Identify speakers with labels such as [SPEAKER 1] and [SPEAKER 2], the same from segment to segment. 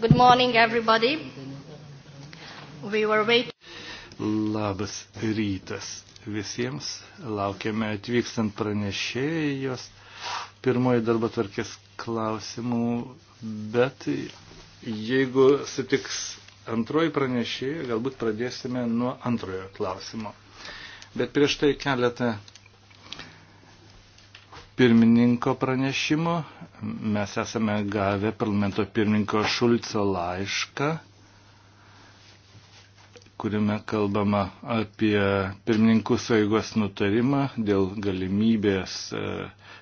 [SPEAKER 1] Good morning, everybody.
[SPEAKER 2] We were waiting.
[SPEAKER 3] Labas rytas visiems. Laukiame atvykstant pranešėjos pirmoji darbo tvarkės klausimų, bet jeigu sutiks antroji pranešėja, galbūt pradėsime nuo antrojo klausimo. Bet prieš tai keletą pirmininko pranešimu. Mes esame gavę parlamento pirmininko Šulco laišką, kuriame kalbama apie pirmininkų saigos nutarimą dėl galimybės e,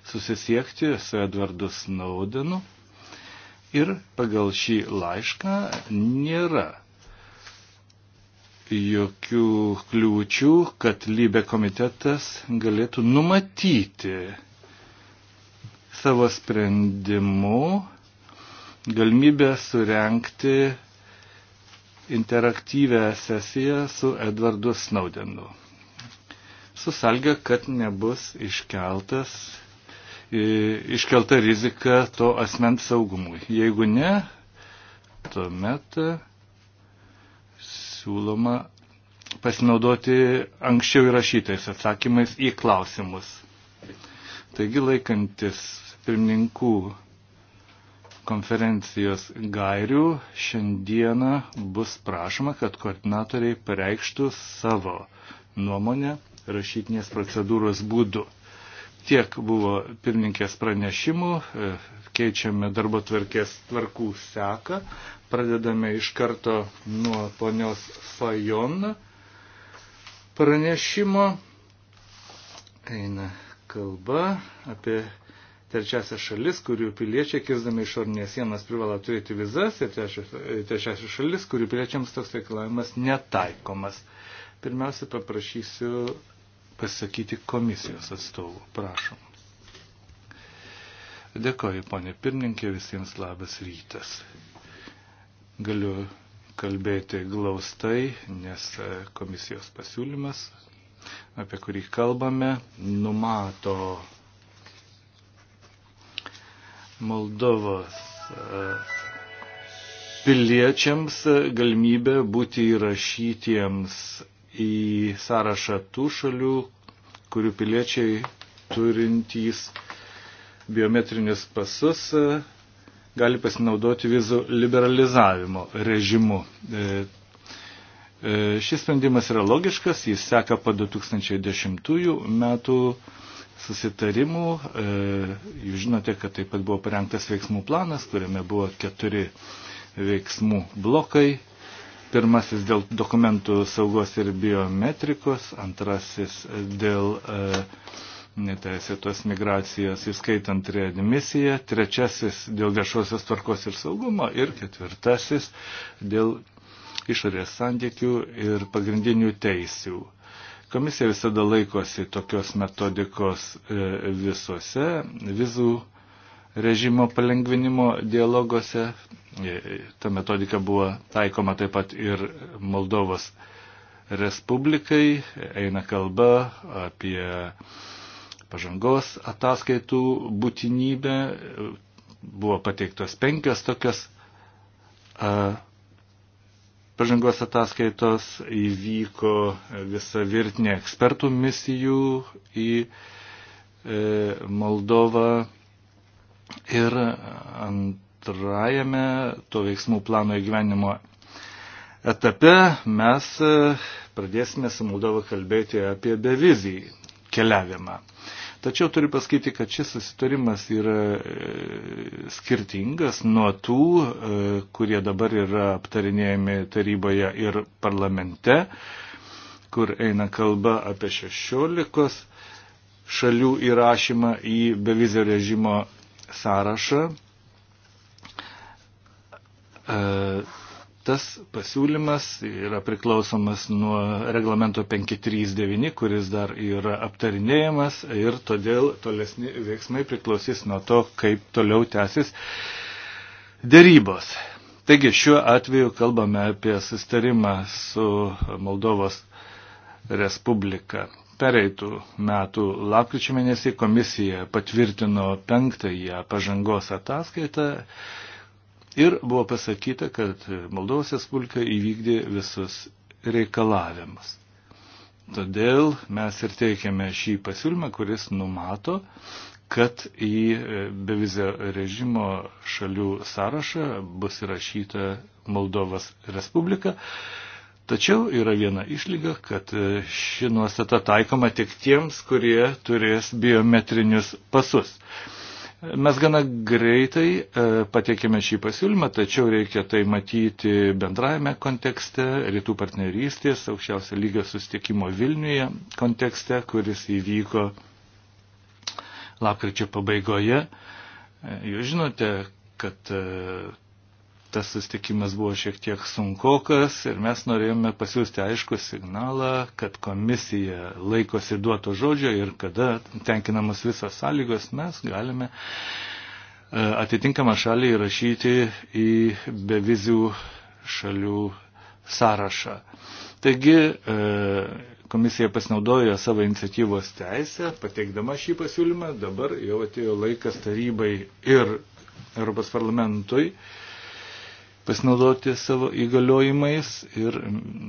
[SPEAKER 3] susisiekti su Edvardu Snaudenu. Ir pagal šį laišką nėra jokių kliūčių, kad lybė komitetas galėtų numatyti savo sprendimu galimybę surenkti interaktyvę sesiją su Edvardu Snaudenu. Susalgia, kad nebus iškeltas, iškelta rizika to asmens saugumui. Jeigu ne, tuomet siūloma pasinaudoti anksčiau įrašytais atsakymais į klausimus. Taigi laikantis pirmininkų konferencijos gairių šiandieną bus prašoma, kad koordinatoriai pareikštų savo nuomonę rašytinės procedūros būdu. Tiek buvo pirmininkės pranešimų, e, keičiame darbo tvarkės tvarkų seką, pradedame iš karto nuo ponios Fajon pranešimo. Eina kalba apie trečiasias šalis, kurių piliečiai, kirsdami išornės sienas, privalo turėti vizas ir trečiasias šalis, kurių piliečiams toks reikalavimas netaikomas. Pirmiausia, paprašysiu pasakyti komisijos atstovų. Prašom. Dėkoju, ponė pirmininkė, visiems labas rytas. Galiu kalbėti glaustai, nes e, komisijos pasiūlymas, apie kurį kalbame, numato Moldovos e, piliečiams galimybę būti įrašytiems į sąrašą tų šalių, kurių piliečiai turintys biometrinius pasus e, gali pasinaudoti vizų liberalizavimo režimu. E, šis sprendimas yra logiškas, jis seka po 2010 metų susitarimų. E, jūs žinote, kad taip pat buvo parengtas veiksmų planas, kuriame buvo keturi veiksmų blokai. Pirmasis dėl dokumentų saugos ir biometrikos, antrasis dėl e, neteisėtos migracijos, įskaitant readmisiją, trečiasis dėl viešosios tvarkos ir saugumo ir ketvirtasis dėl išorės santykių ir pagrindinių teisių. Komisija visada laikosi tokios metodikos e, visuose vizų režimo palengvinimo dialoguose. E, e, ta metodika buvo taikoma taip pat ir Moldovos Respublikai. Eina kalba apie pažangos ataskaitų būtinybę. Buvo pateiktos penkios tokios a, pažangos ataskaitos įvyko visa virtinė ekspertų misijų į e, Moldovą ir antrajame to veiksmų plano įgyvenimo etape mes e, pradėsime su Moldova kalbėti apie bevizį keliavimą. Tačiau turiu pasakyti, kad šis susitarimas yra e, skirtingas nuo tų, e, kurie dabar yra aptarinėjami taryboje ir parlamente, kur eina kalba apie 16 šalių įrašymą į bevizio režimo sąrašą. E, tas pasiūlymas yra priklausomas nuo reglamento 539, kuris dar yra aptarinėjamas ir todėl tolesni veiksmai priklausys nuo to, kaip toliau tęsis dėrybos. Taigi šiuo atveju kalbame apie sustarimą su Moldovos Respublika. Pereitų metų lapkričio mėnesį komisija patvirtino penktąją pažangos ataskaitą Ir buvo pasakyta, kad Moldovos Respublika įvykdė visus reikalavimus. Todėl mes ir teikiame šį pasiūlymą, kuris numato, kad į e, bevizio režimo šalių sąrašą bus įrašyta Moldovos Respublika. Tačiau yra viena išlyga, kad e, ši nuostata taikoma tik tiems, kurie turės biometrinius pasus. Mes gana greitai e, patiekėme šį pasiūlymą, tačiau reikia tai matyti bendrajame kontekste, rytų partnerystės, aukščiausio lygio sustikimo Vilniuje kontekste, kuris įvyko lapkričio pabaigoje. E, jūs žinote, kad e, tas sustikimas buvo šiek tiek sunkokas ir mes norėjome pasiūsti aišku signalą, kad komisija laikosi duoto žodžio ir kada tenkinamos visos sąlygos mes galime e, atitinkamą šalį įrašyti į bevizių šalių sąrašą. Taigi e, komisija pasinaudojo savo iniciatyvos teisę, pateikdama šį pasiūlymą, dabar jau atėjo laikas tarybai ir Europos parlamentui uh, pasinaudoti savo įgaliojimais ir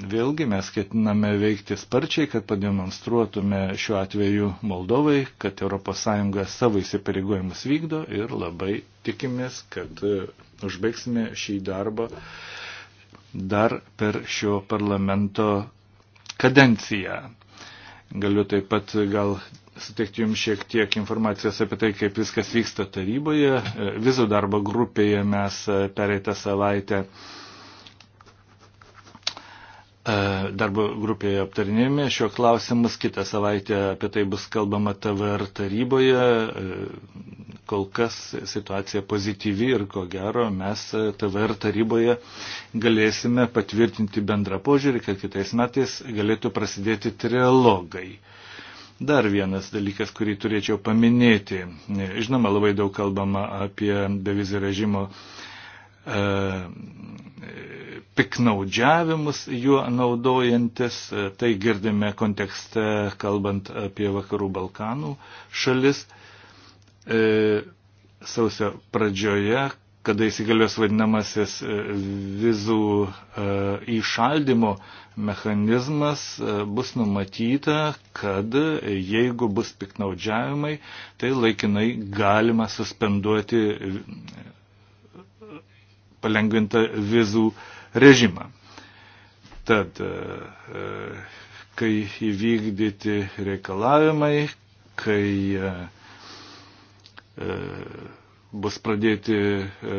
[SPEAKER 3] vėlgi mes ketiname veikti sparčiai, kad pademonstruotume šiuo atveju Moldovai, kad ES savo įsipareigojimus vykdo ir labai tikimės, kad e, užbaigsime šį darbą dar per šio parlamento kadenciją. Galiu taip pat gal suteikti jums šiek tiek informacijos apie tai, kaip viskas vyksta taryboje. E, vizų darbo grupėje mes e, pereitą savaitę e, darbo grupėje aptarinėjome šio klausimus. Kitą savaitę apie tai bus kalbama TVR taryboje. Kol kas situacija pozityvi ir ko gero mes TVR taryboje galėsime patvirtinti bendrą požiūrį, kad kitais metais galėtų prasidėti trilogai. Dar vienas dalykas, kurį turėčiau paminėti. Žinoma, labai daug kalbama apie bevizį režimo e, piknaudžiavimus juo naudojantis. E, tai girdime kontekste, kalbant apie Vakarų Balkanų šalis. E, sausio pradžioje kada įsigalios vadinamasis e, vizų e, įšaldimo mechanizmas, e, bus numatyta, kad jeigu bus piknaudžiavimai, tai laikinai galima suspenduoti palengvintą vizų režimą. Tad, kai įvykdyti reikalavimai, kai bus pradėti e,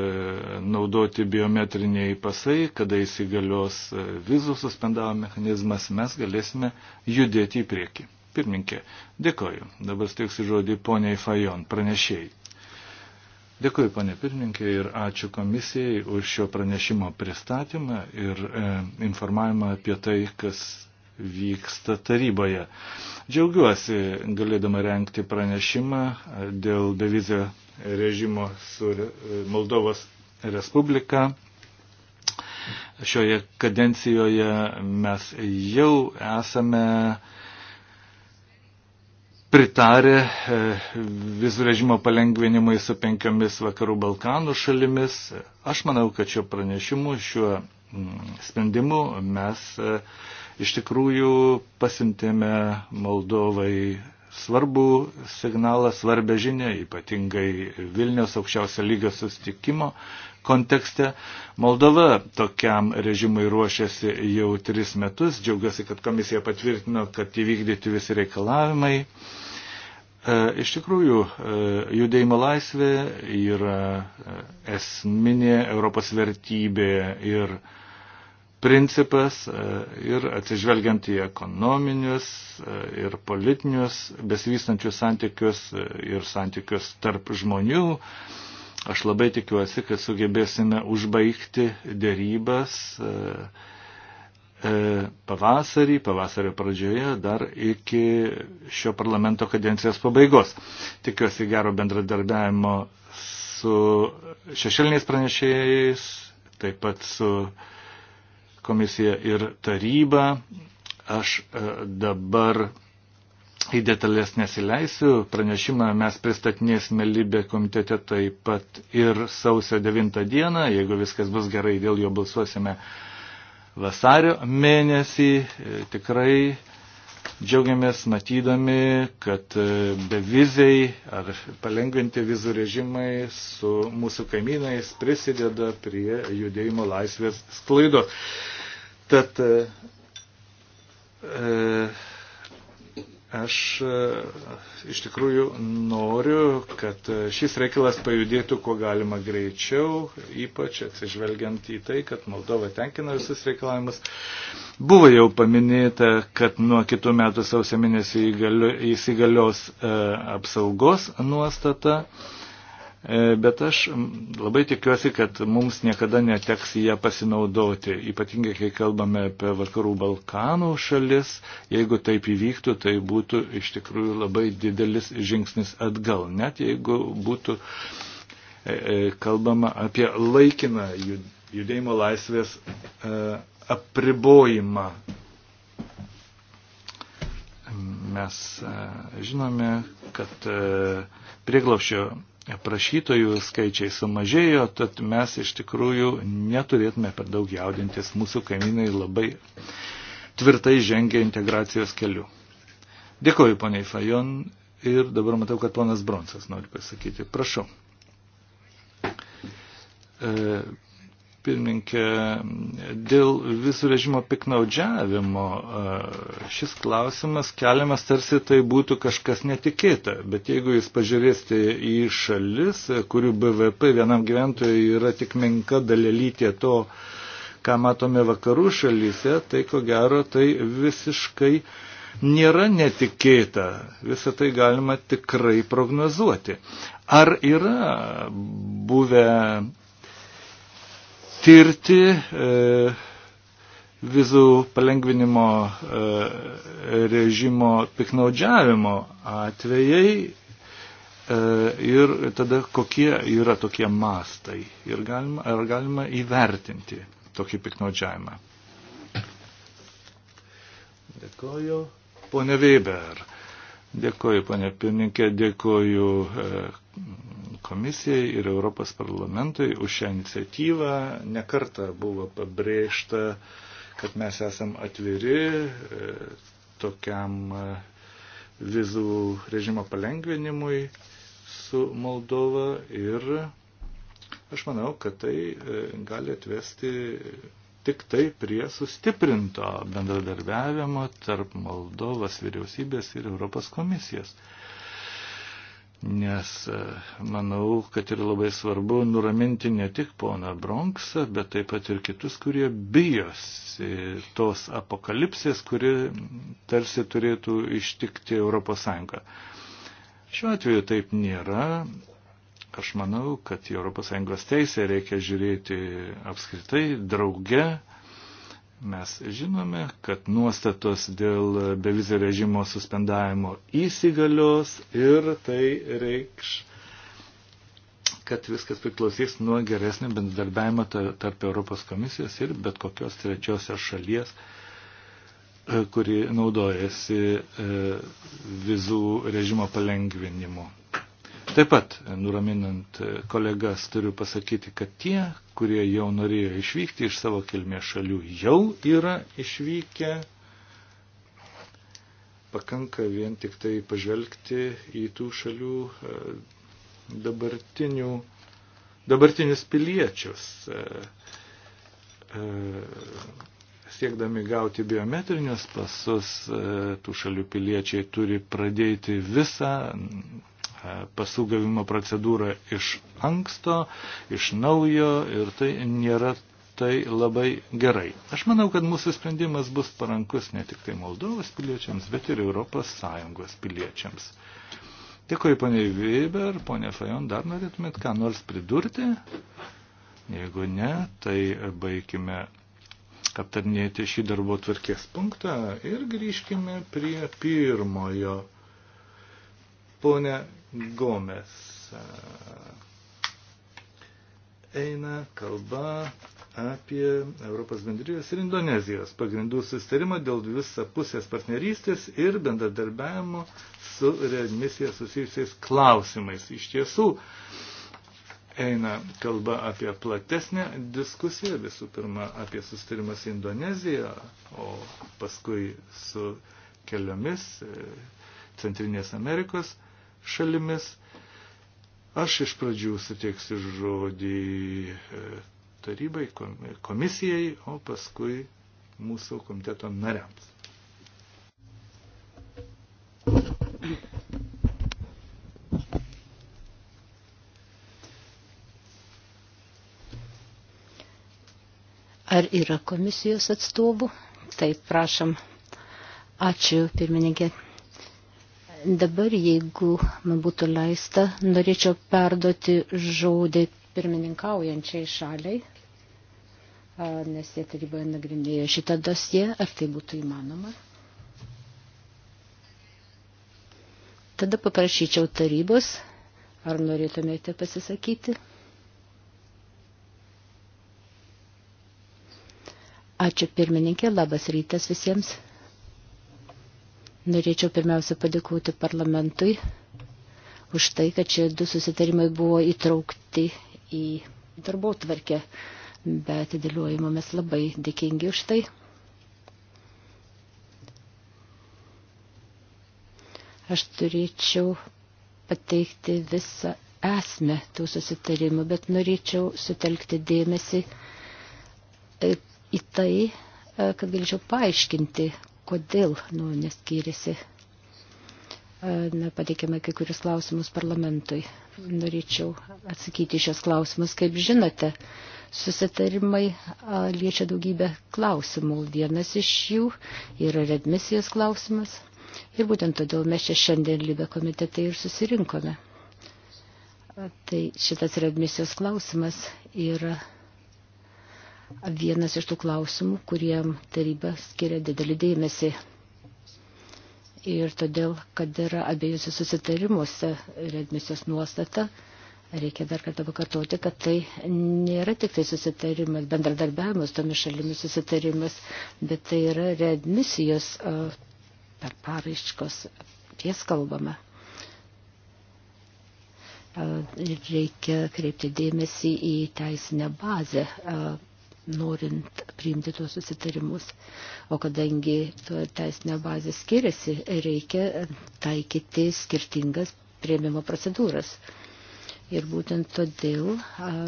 [SPEAKER 3] naudoti biometriniai pasai, kada įsigalios e, vizų suspendavo mechanizmas, mes galėsime judėti į priekį. Pirminkė, dėkoju. Dabar steiksiu žodį poniai Fajon, pranešėjai. Dėkuoju, ponė pirmininkė, ir ačiū komisijai už šio pranešimo pristatymą ir e, informavimą apie tai, kas vyksta taryboje. Džiaugiuosi galėdama renkti pranešimą dėl bevizio režimo su e, Moldovos Respublika. Šioje kadencijoje mes jau esame pritarė e, vizų režimo palengvinimui su penkiomis vakarų Balkanų šalimis. Aš manau, kad šiuo pranešimu, šiuo sprendimu mes e, iš tikrųjų pasintėme Moldovai svarbų signalą, svarbę žinę, ypatingai Vilnius aukščiausio lygio sustikimo kontekste. Moldova tokiam režimui ruošiasi jau tris metus. Džiaugiuosi, kad komisija patvirtino, kad įvykdyti visi reikalavimai. E, iš tikrųjų, e, judėjimo laisvė yra e, esminė Europos vertybė ir principas e, ir atsižvelgiant į ekonominius e, ir politinius besivystančius santykius e, ir santykius tarp žmonių, aš labai tikiuosi, kad sugebėsime užbaigti dėrybas pavasarį, pavasario pradžioje, dar iki šio parlamento kadencijos pabaigos. Tikiuosi gero bendradarbiavimo su šešėliniais pranešėjais, taip pat su uh, komisija ir taryba. Aš e, dabar į detalės nesileisiu. Pranešimą mes pristatinėsime Libė komitete taip pat ir sausio 9 dieną. Jeigu viskas bus gerai, dėl jo balsuosime vasario mėnesį. E, tikrai džiaugiamės matydami, kad e, beviziai ar palengvinti vizų režimai su mūsų kaimynais prisideda prie judėjimo laisvės sklaidos. Tad e, aš e, iš tikrųjų noriu, kad e, šis reikalas pajudėtų kuo galima greičiau, ypač atsižvelgiant į tai, kad Moldova tenkina visus reikalavimus. Buvo jau paminėta, kad nuo kitų metų sausio mėnesį įsigalios e, apsaugos nuostata. E, E, bet aš labai tikiuosi, kad mums niekada neteks ją pasinaudoti, ypatingai kai kalbame apie vakarų Balkanų šalis, jeigu taip įvyktų, tai būtų iš tikrųjų labai didelis žingsnis atgal, net jeigu būtų e, e, kalbama apie laikiną judėjimo laisvės apribojimą Mes e, žinome, kad e, prieglopščio prašytojų skaičiai sumažėjo, tad mes iš tikrųjų neturėtume per daug jaudintis. Mūsų kaimynai labai tvirtai žengia integracijos keliu. Dėkoju, poniai Fajon. Ir dabar matau, kad ponas Bronsas nori pasakyti. Prašau. E, pirmininkė, dėl visų režimo piknaudžiavimo šis klausimas keliamas tarsi tai būtų kažkas netikėta, bet jeigu jūs pažiūrėsite į šalis, kurių BVP vienam gyventojui yra tik menka dalelytė to, ką matome vakarų šalyse, tai ko gero tai visiškai nėra netikėta. Visą tai galima tikrai prognozuoti. Ar yra buvę tirti e, vizų palengvinimo e, režimo piknaudžiavimo atvejai e, ir tada kokie yra tokie mastai ir galima, ar galima įvertinti tokį piknaudžiavimą. Dėkoju. Pone Weber. Dėkoju, pane pirmininkė, dėkoju komisijai ir Europos parlamentui už šią iniciatyvą. Nekarta buvo pabrėžta, kad mes esam atviri e, tokiam e, vizų režimo palengvinimui su Moldova ir aš manau, kad tai e, gali atvesti tik tai prie sustiprinto bendradarbiavimo tarp Moldovos vyriausybės ir Europos komisijos nes e, manau, kad yra labai svarbu nuraminti ne tik poną Bronksą, bet taip pat ir kitus, kurie bijosi tos apokalipsės, kuri tarsi turėtų ištikti ES. Šiuo atveju taip nėra. Aš manau, kad į ES teisę reikia žiūrėti apskritai drauge Mes žinome, kad nuostatos dėl bevizio režimo suspendavimo įsigalios ir tai reikš, kad viskas priklausys nuo geresnio bendradarbiavimo tarp Europos komisijos ir bet kokios trečiosios šalies, e, kuri naudojasi e, vizų režimo palengvinimu. Taip pat, nuraminant kolegas, turiu pasakyti, kad tie, kurie jau norėjo išvykti iš savo kilmės šalių, jau yra išvykę. Pakanka vien tik tai pažvelgti į tų šalių e, dabartinių, dabartinius piliečius e, e, siekdami gauti biometrinius pasus, tų šalių piliečiai turi pradėti visą E, pasų gavimo procedūrą iš anksto, iš naujo ir tai nėra tai labai gerai. Aš manau, kad mūsų sprendimas bus parankus ne tik tai Moldovos piliečiams, bet ir Europos Sąjungos piliečiams. Dėkui, ponė Weber, ponė Fajon, dar norėtumėt ką nors pridurti? Jeigu ne, tai baigime aptarnėti šį darbo tvarkės punktą ir grįžkime prie pirmojo. Pone Gomes. E, eina kalba apie Europos bendrijos ir Indonezijos pagrindų sustarimą dėl visapusės partnerystės ir bendradarbiavimo su readmisija susijusiais klausimais. Iš tiesų, eina kalba apie platesnę diskusiją, visų pirma apie sustarimą su Indonezija, o paskui su keliomis e, Centrinės Amerikos šalimis. Aš iš pradžių suteiksiu žodį e, tarybai, komisijai, o paskui mūsų komiteto nariams.
[SPEAKER 2] Ar yra komisijos atstovų? Taip, prašom. Ačiū, pirmininkė. Dabar, jeigu man būtų leista, norėčiau perduoti žodį pirmininkaujančiai šaliai, nes jie taryboje nagrinėjo šitą dosiją, ar tai būtų įmanoma. Tada paprašyčiau tarybos, ar norėtumėte pasisakyti. Ačiū pirmininkė, labas rytas visiems. Norėčiau pirmiausia padėkoti parlamentui už tai, kad šie du susitarimai buvo įtraukti į darbo tvarkę, bet dėliojimo mes labai dėkingi už tai. Aš turėčiau pateikti visą esmę tų susitarimų, bet norėčiau sutelkti dėmesį e, į tai, e, kad galėčiau paaiškinti, kodėl nu, neskyrėsi. E, na, pateikėme kai kurius klausimus parlamentui. Norėčiau atsakyti šios klausimus. Kaip žinote, susitarimai a, liečia daugybę klausimų. Vienas iš jų yra redmisijos klausimas. Ir būtent todėl mes čia šiandien lybę komitete ir susirinkome. A, tai šitas redmisijos klausimas yra vienas iš tų klausimų, kuriem taryba skiria didelį dėmesį. Ir todėl, kad yra abiejose susitarimuose redmisijos nuostata, reikia dar kartą pakartoti, kad tai nėra tik tai susitarimas, bendradarbiavimas tomis šalimis susitarimas, bet tai yra redmisijos per paraiškos, apie jas kalbama. Reikia kreipti dėmesį į teisinę bazę norint priimti tuos susitarimus. O kadangi to teisinė bazė skiriasi, reikia taikyti skirtingas prieimimo procedūras. Ir būtent todėl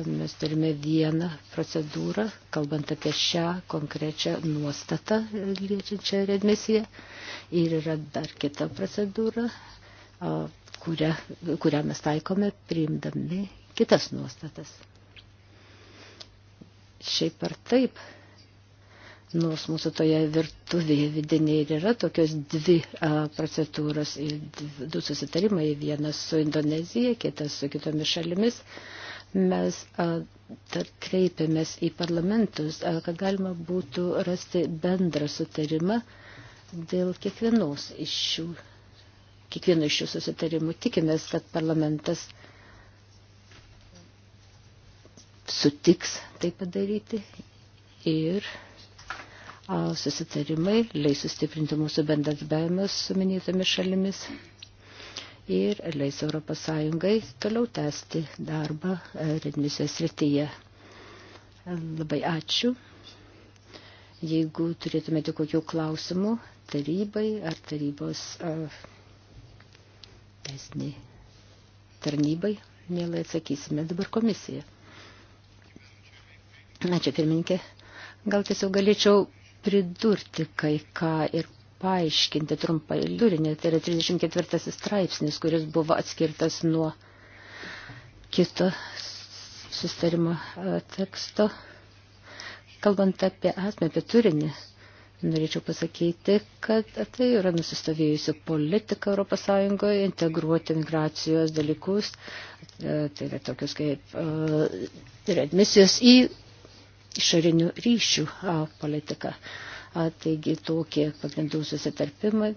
[SPEAKER 2] mes turime vieną procedūrą, kalbant apie šią konkrečią nuostatą liečiančią redmisiją. Ir yra dar kita procedūra, kurią, kurią mes taikome priimdami kitas nuostatas šiaip ar taip, nors mūsų toje virtuvėje vidinėje ir yra tokios dvi a, procedūros, du susitarimai, vienas su Indonezija, kitas su kitomis šalimis, mes a, kreipiamės į parlamentus, a, kad galima būtų rasti bendrą sutarimą dėl kiekvienos iš šių, kiekvieno iš šių susitarimų. Tikimės, kad parlamentas sutiks tai padaryti ir susitarimai leis sustiprinti mūsų bendradarbiavimą su minėtomis šalimis ir leis Europos Sąjungai toliau tęsti darbą e, redmisijos srityje. E, labai ačiū. Jeigu turėtumėte kokių klausimų tarybai ar tarybos e, teisiniai tarnybai, mielai atsakysime dabar komisiją. Ačiū pirmininkė. Gal tiesiog galėčiau pridurti kai ką ir paaiškinti trumpai liurinį. Tai yra 34 straipsnis, kuris buvo atskirtas nuo kito sustarimo e, teksto. Kalbant apie esmę, apie turinį, norėčiau pasakyti, kad tai yra nusistovėjusi politika ES integruoti migracijos dalykus, e, tai yra tokius kaip e, readmisijos į išorinių ryšių politiką. A, taigi tokie pagrindų susitarimai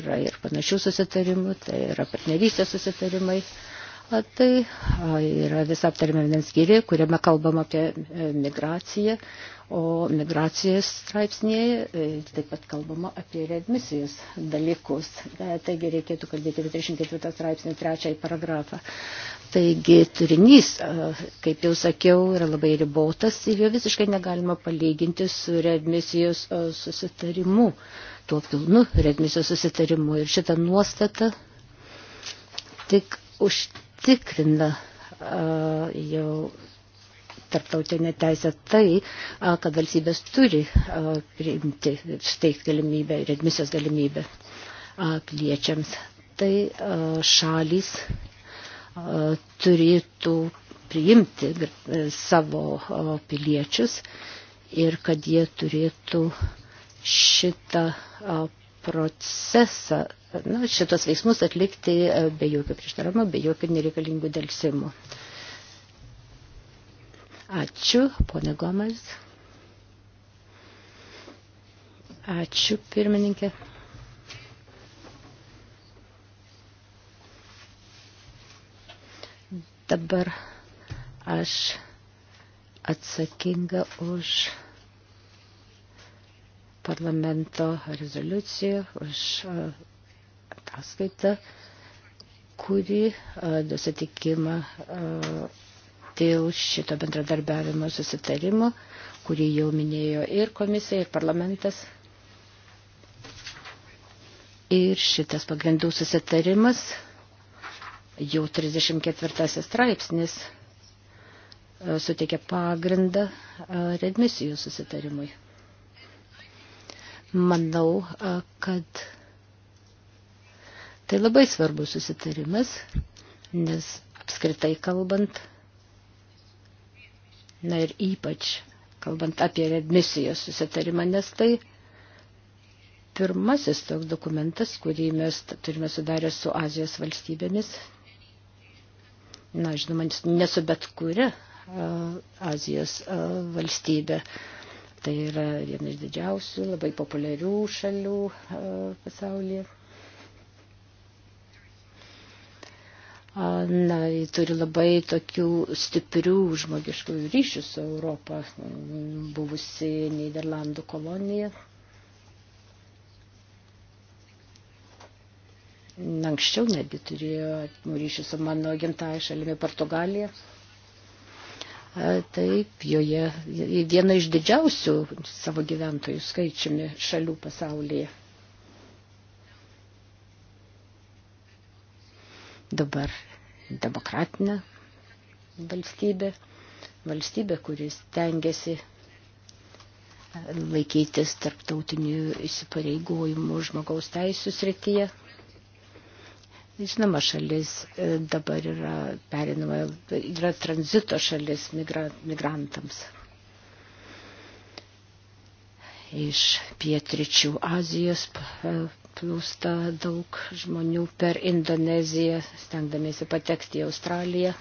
[SPEAKER 2] yra ir panašių susitarimų, tai yra partnerystės susitarimai. A, Tai yra vis aptarime vienas skyriai, kuriame kalbam apie e, migraciją, o migracijos straipsnėje taip pat kalbama apie readmisijos dalykus. E, taigi reikėtų kalbėti apie 34 straipsnį trečiąjį paragrafą. Taigi turinys, e, kaip jau sakiau, yra labai ribotas ir jo visiškai negalima palyginti su readmisijos susitarimu, tuo pilnu readmisijos susitarimu. Ir šitą nuostatą tik už tikrina jau tarptautinė teisė tai, kad valstybės turi priimti, steigti galimybę ir admisijos galimybę piliečiams. Tai šalys turėtų priimti e, savo piliečius ir kad jie turėtų šitą procesą na, šitos veiksmus atlikti e, be jokio prieštaravimo, be jokio nereikalingų dėlsimų. Ačiū, ponė Gomas. Ačiū, pirmininkė. Dabar aš atsakinga už parlamento rezoliuciją, už e, ataskaitą, kuri susitikimą dėl šito bendradarbiavimo susitarimo, kurį jau minėjo ir komisija, ir parlamentas. Ir šitas pagrindų susitarimas, jau 34 straipsnis, suteikia pagrindą redmisijų susitarimui. Manau, kad Tai labai svarbus susitarimas, nes apskritai kalbant, na ir ypač kalbant apie admisijos susitarimą, nes tai pirmasis toks dokumentas, kurį mes turime sudarę su Azijos valstybėmis. Na, žinoma, nesu bet kuria Azijos valstybė. Tai yra viena iš didžiausių, labai populiarių šalių pasaulyje. na, turi labai tokių stiprių žmogiškųjų ryšių su Europą, buvusi Niderlandų kolonija. Anksčiau netgi turėjo ryšių su mano gimtąją šalimi Portugaliją. Taip, joje viena iš didžiausių savo gyventojų skaičiumi šalių pasaulyje. dabar demokratinė valstybė, valstybė, kuris tengiasi laikytis tarptautinių įsipareigojimų žmogaus teisų srityje. Žinoma, šalis e, dabar yra perinama, yra tranzito šalis migra, migrantams iš pietričių Azijos e, plūsta daug žmonių per Indoneziją, stengdamiesi patekti į Australiją.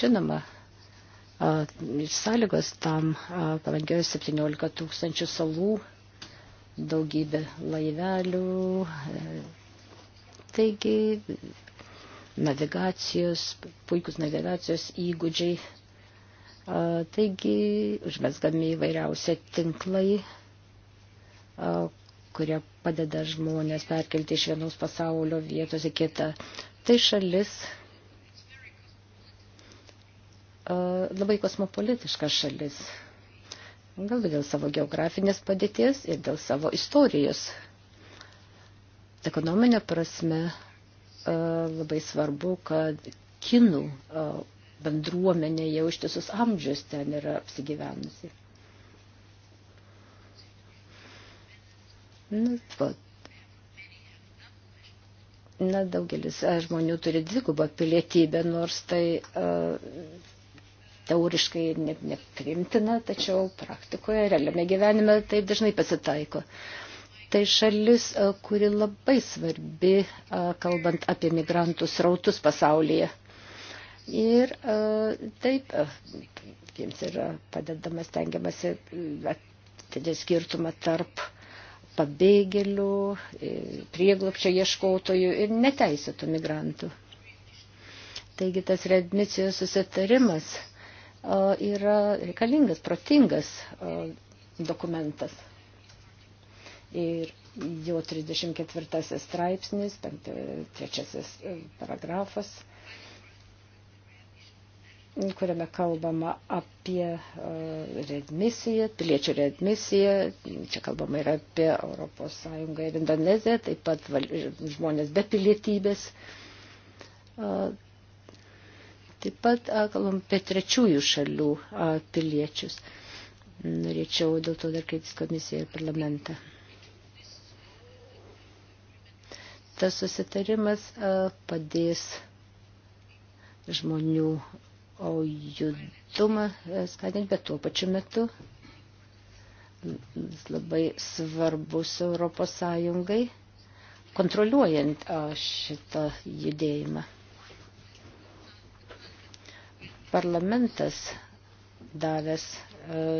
[SPEAKER 2] Žinoma, sąlygos tam palankėjo 17 tūkstančių salų, daugybė laivelių, e, taigi navigacijos, puikus navigacijos įgūdžiai. Taigi užmesgami įvairiausia tinklai, kurie padeda žmonės perkelti iš vienos pasaulio vietos į kitą. Tai šalis, e, labai kosmopolitiška šalis. Gal dėl savo geografinės padėties ir dėl savo istorijos. Ekonominė prasme e, labai svarbu, kad kinų e, bendruomenė jau ištisus amžius ten yra apsigyvenusi. Nu, va. Na, daugelis žmonių turi dvigubą pilietybę, nors tai uh, teoriškai ne, neprimtina, tačiau praktikoje, realiame gyvenime taip dažnai pasitaiko. Tai šalis, uh, kuri labai svarbi, uh, kalbant apie migrantų srautus pasaulyje. Ir uh, taip, uh, jiems yra padedamas, tengiamasi atidės skirtumą tarp uh, pabėgėlių, e, prieglopčio ieškotojų ir neteisėtų migrantų. Taigi tas readmisijos susitarimas e, yra reikalingas, protingas e, dokumentas. Ir jo 34 straipsnis, 3 paragrafas kuriame kalbama apie e, readmisiją, piliečių readmisiją, čia kalbama ir apie ES ir Indoneziją, taip pat žmonės be pilietybės. E, taip pat e, kalbam apie trečiųjų šalių piliečius. Norėčiau dėl to dar kreiptis komisiją ir parlamentą. Tas susitarimas padės žmonių judumą e, skatinti, bet tuo pačiu metu labai svarbus Europos Sąjungai kontroliuojant šitą judėjimą. Parlamentas davęs e,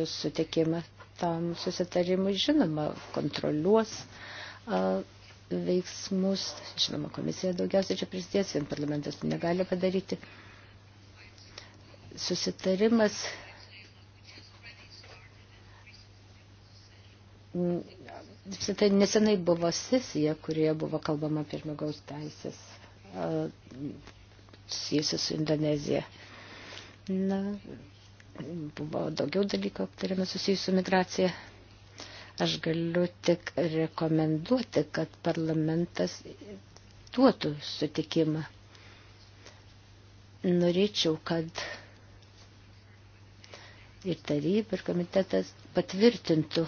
[SPEAKER 2] sutikimą tam susitarimui, žinoma, kontroliuos veiksmus, žinoma, komisija daugiausiai čia prisidės, vien parlamentas negali padaryti susitarimas Tai nesenai buvo sesija, kurioje buvo kalbama apie žmogaus teisės susijusi su Indonezija. Na, buvo daugiau dalykų aptariama susijusi su migracija. Aš galiu tik rekomenduoti, kad parlamentas duotų sutikimą. Norėčiau, kad ir taryba, ir komitetas patvirtintų,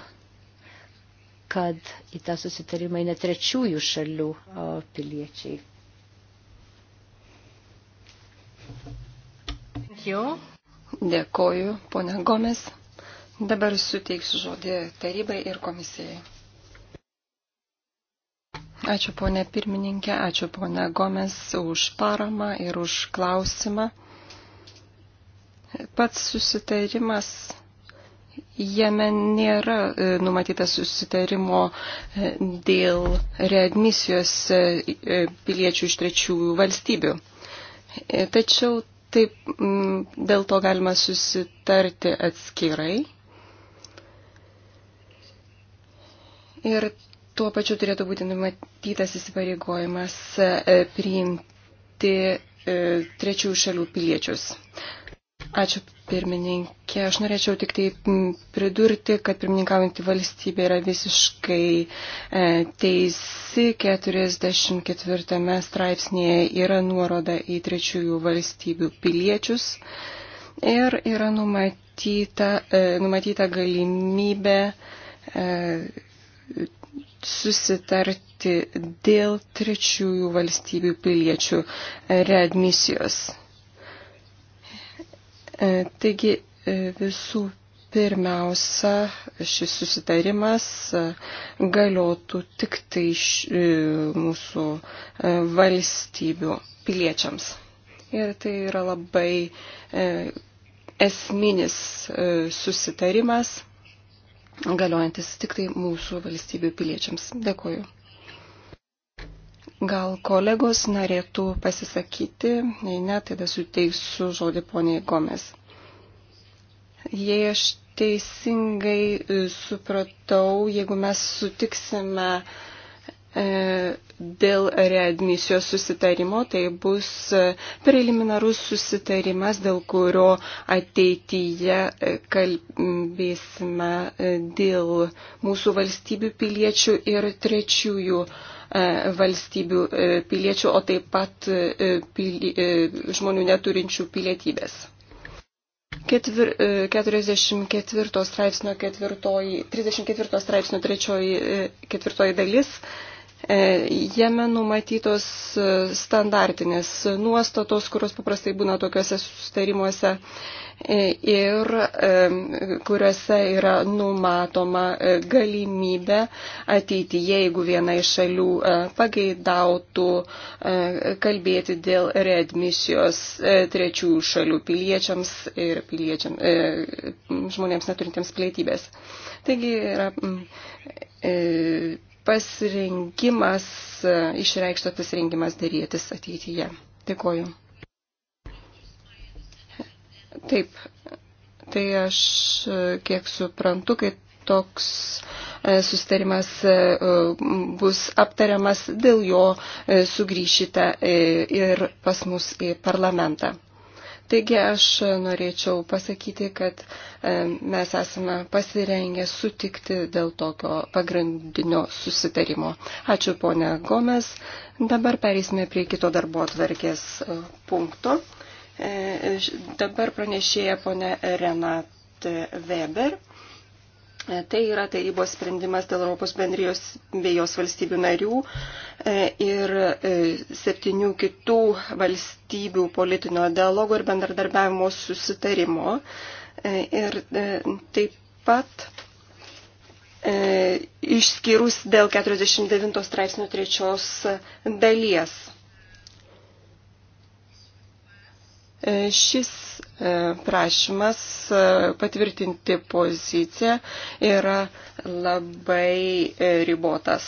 [SPEAKER 2] kad į tą susitarimą eina trečiųjų šalių piliečiai.
[SPEAKER 4] Dėkoju, ponia Gomes. Dabar suteiksiu žodį tarybai ir komisijai. Ačiū ponė pirmininkė, ačiū ponė Gomes už paramą ir už klausimą. Pats susitarimas Jame nėra e, numatytas susitarimo e, dėl readmisijos e, piliečių iš trečiųjų valstybių. Tačiau taip dėl to galima susitarti atskirai. Ir tuo pačiu turėtų būti numatytas įsipareigojimas priimti trečiųjų šalių piliečius. Ačiū pirmininkė. Aš norėčiau tik tai pridurti, kad pirmininkaujantį valstybė yra visiškai e, teisi. 44 straipsnėje yra nuoroda į trečiųjų valstybių piliečius ir yra numatyta, e, numatyta galimybė e, susitarti dėl trečiųjų valstybių piliečių readmisijos. E, taigi e, visų pirmiausia, šis susitarimas e, galiotų tik tai mūsų valstybių piliečiams. Ir tai yra labai esminis susitarimas galiojantis tik tai mūsų valstybių piliečiams. Dėkuoju. Gal kolegos norėtų pasisakyti, jei ne, tai tada suteiksiu žodį poniai Gomes. Jei aš teisingai e, supratau, jeigu mes sutiksime e, dėl readmisijos susitarimo, tai bus e, preliminarus susitarimas, dėl kurio ateityje e, kalbėsime dėl mūsų valstybių piliečių ir trečiųjų E, valstybių e, piliečių, o taip pat e, pili, žmonių neturinčių pilietybės. Ketvir, 44 straipsnio 4, 34 straipsnio 3 4 dalis E, jame numatytos e, standartinės nuostatos, kurios paprastai būna tokiuose sustarimuose e, ir kuriuose yra numatoma galimybė ateityje, jeigu viena iš šalių pageidautų kalbėti dėl readmisijos trečių šalių piliečiams ir piliečiam, žmonėms neturintiems plėtybės. Taigi yra mm, pasirinkimas, išreikštas pasirinkimas darytis ateityje. Dėkoju. Taip, tai aš kiek suprantu, kai toks e, sustarimas e, bus aptariamas, dėl jo e, sugrįšite ir pas mus į parlamentą. Taigi aš norėčiau pasakyti, kad e, mes esame pasirengę sutikti dėl tokio pagrindinio susitarimo. Ačiū ponė Gomes. Dabar perėsime prie kito darbo atvarkės e, punkto. E, dabar pranešėja ponė Renat Weber. E, tai yra tarybos sprendimas dėl Europos bendrijos bei jos valstybių narių e, ir e, septynių kitų valstybių politinio dialogo ir bendradarbiavimo susitarimo. Ir taip pat išskyrus dėl 49 straipsnių trečios dalies. Šis E, prašymas e, patvirtinti poziciją yra labai e, ribotas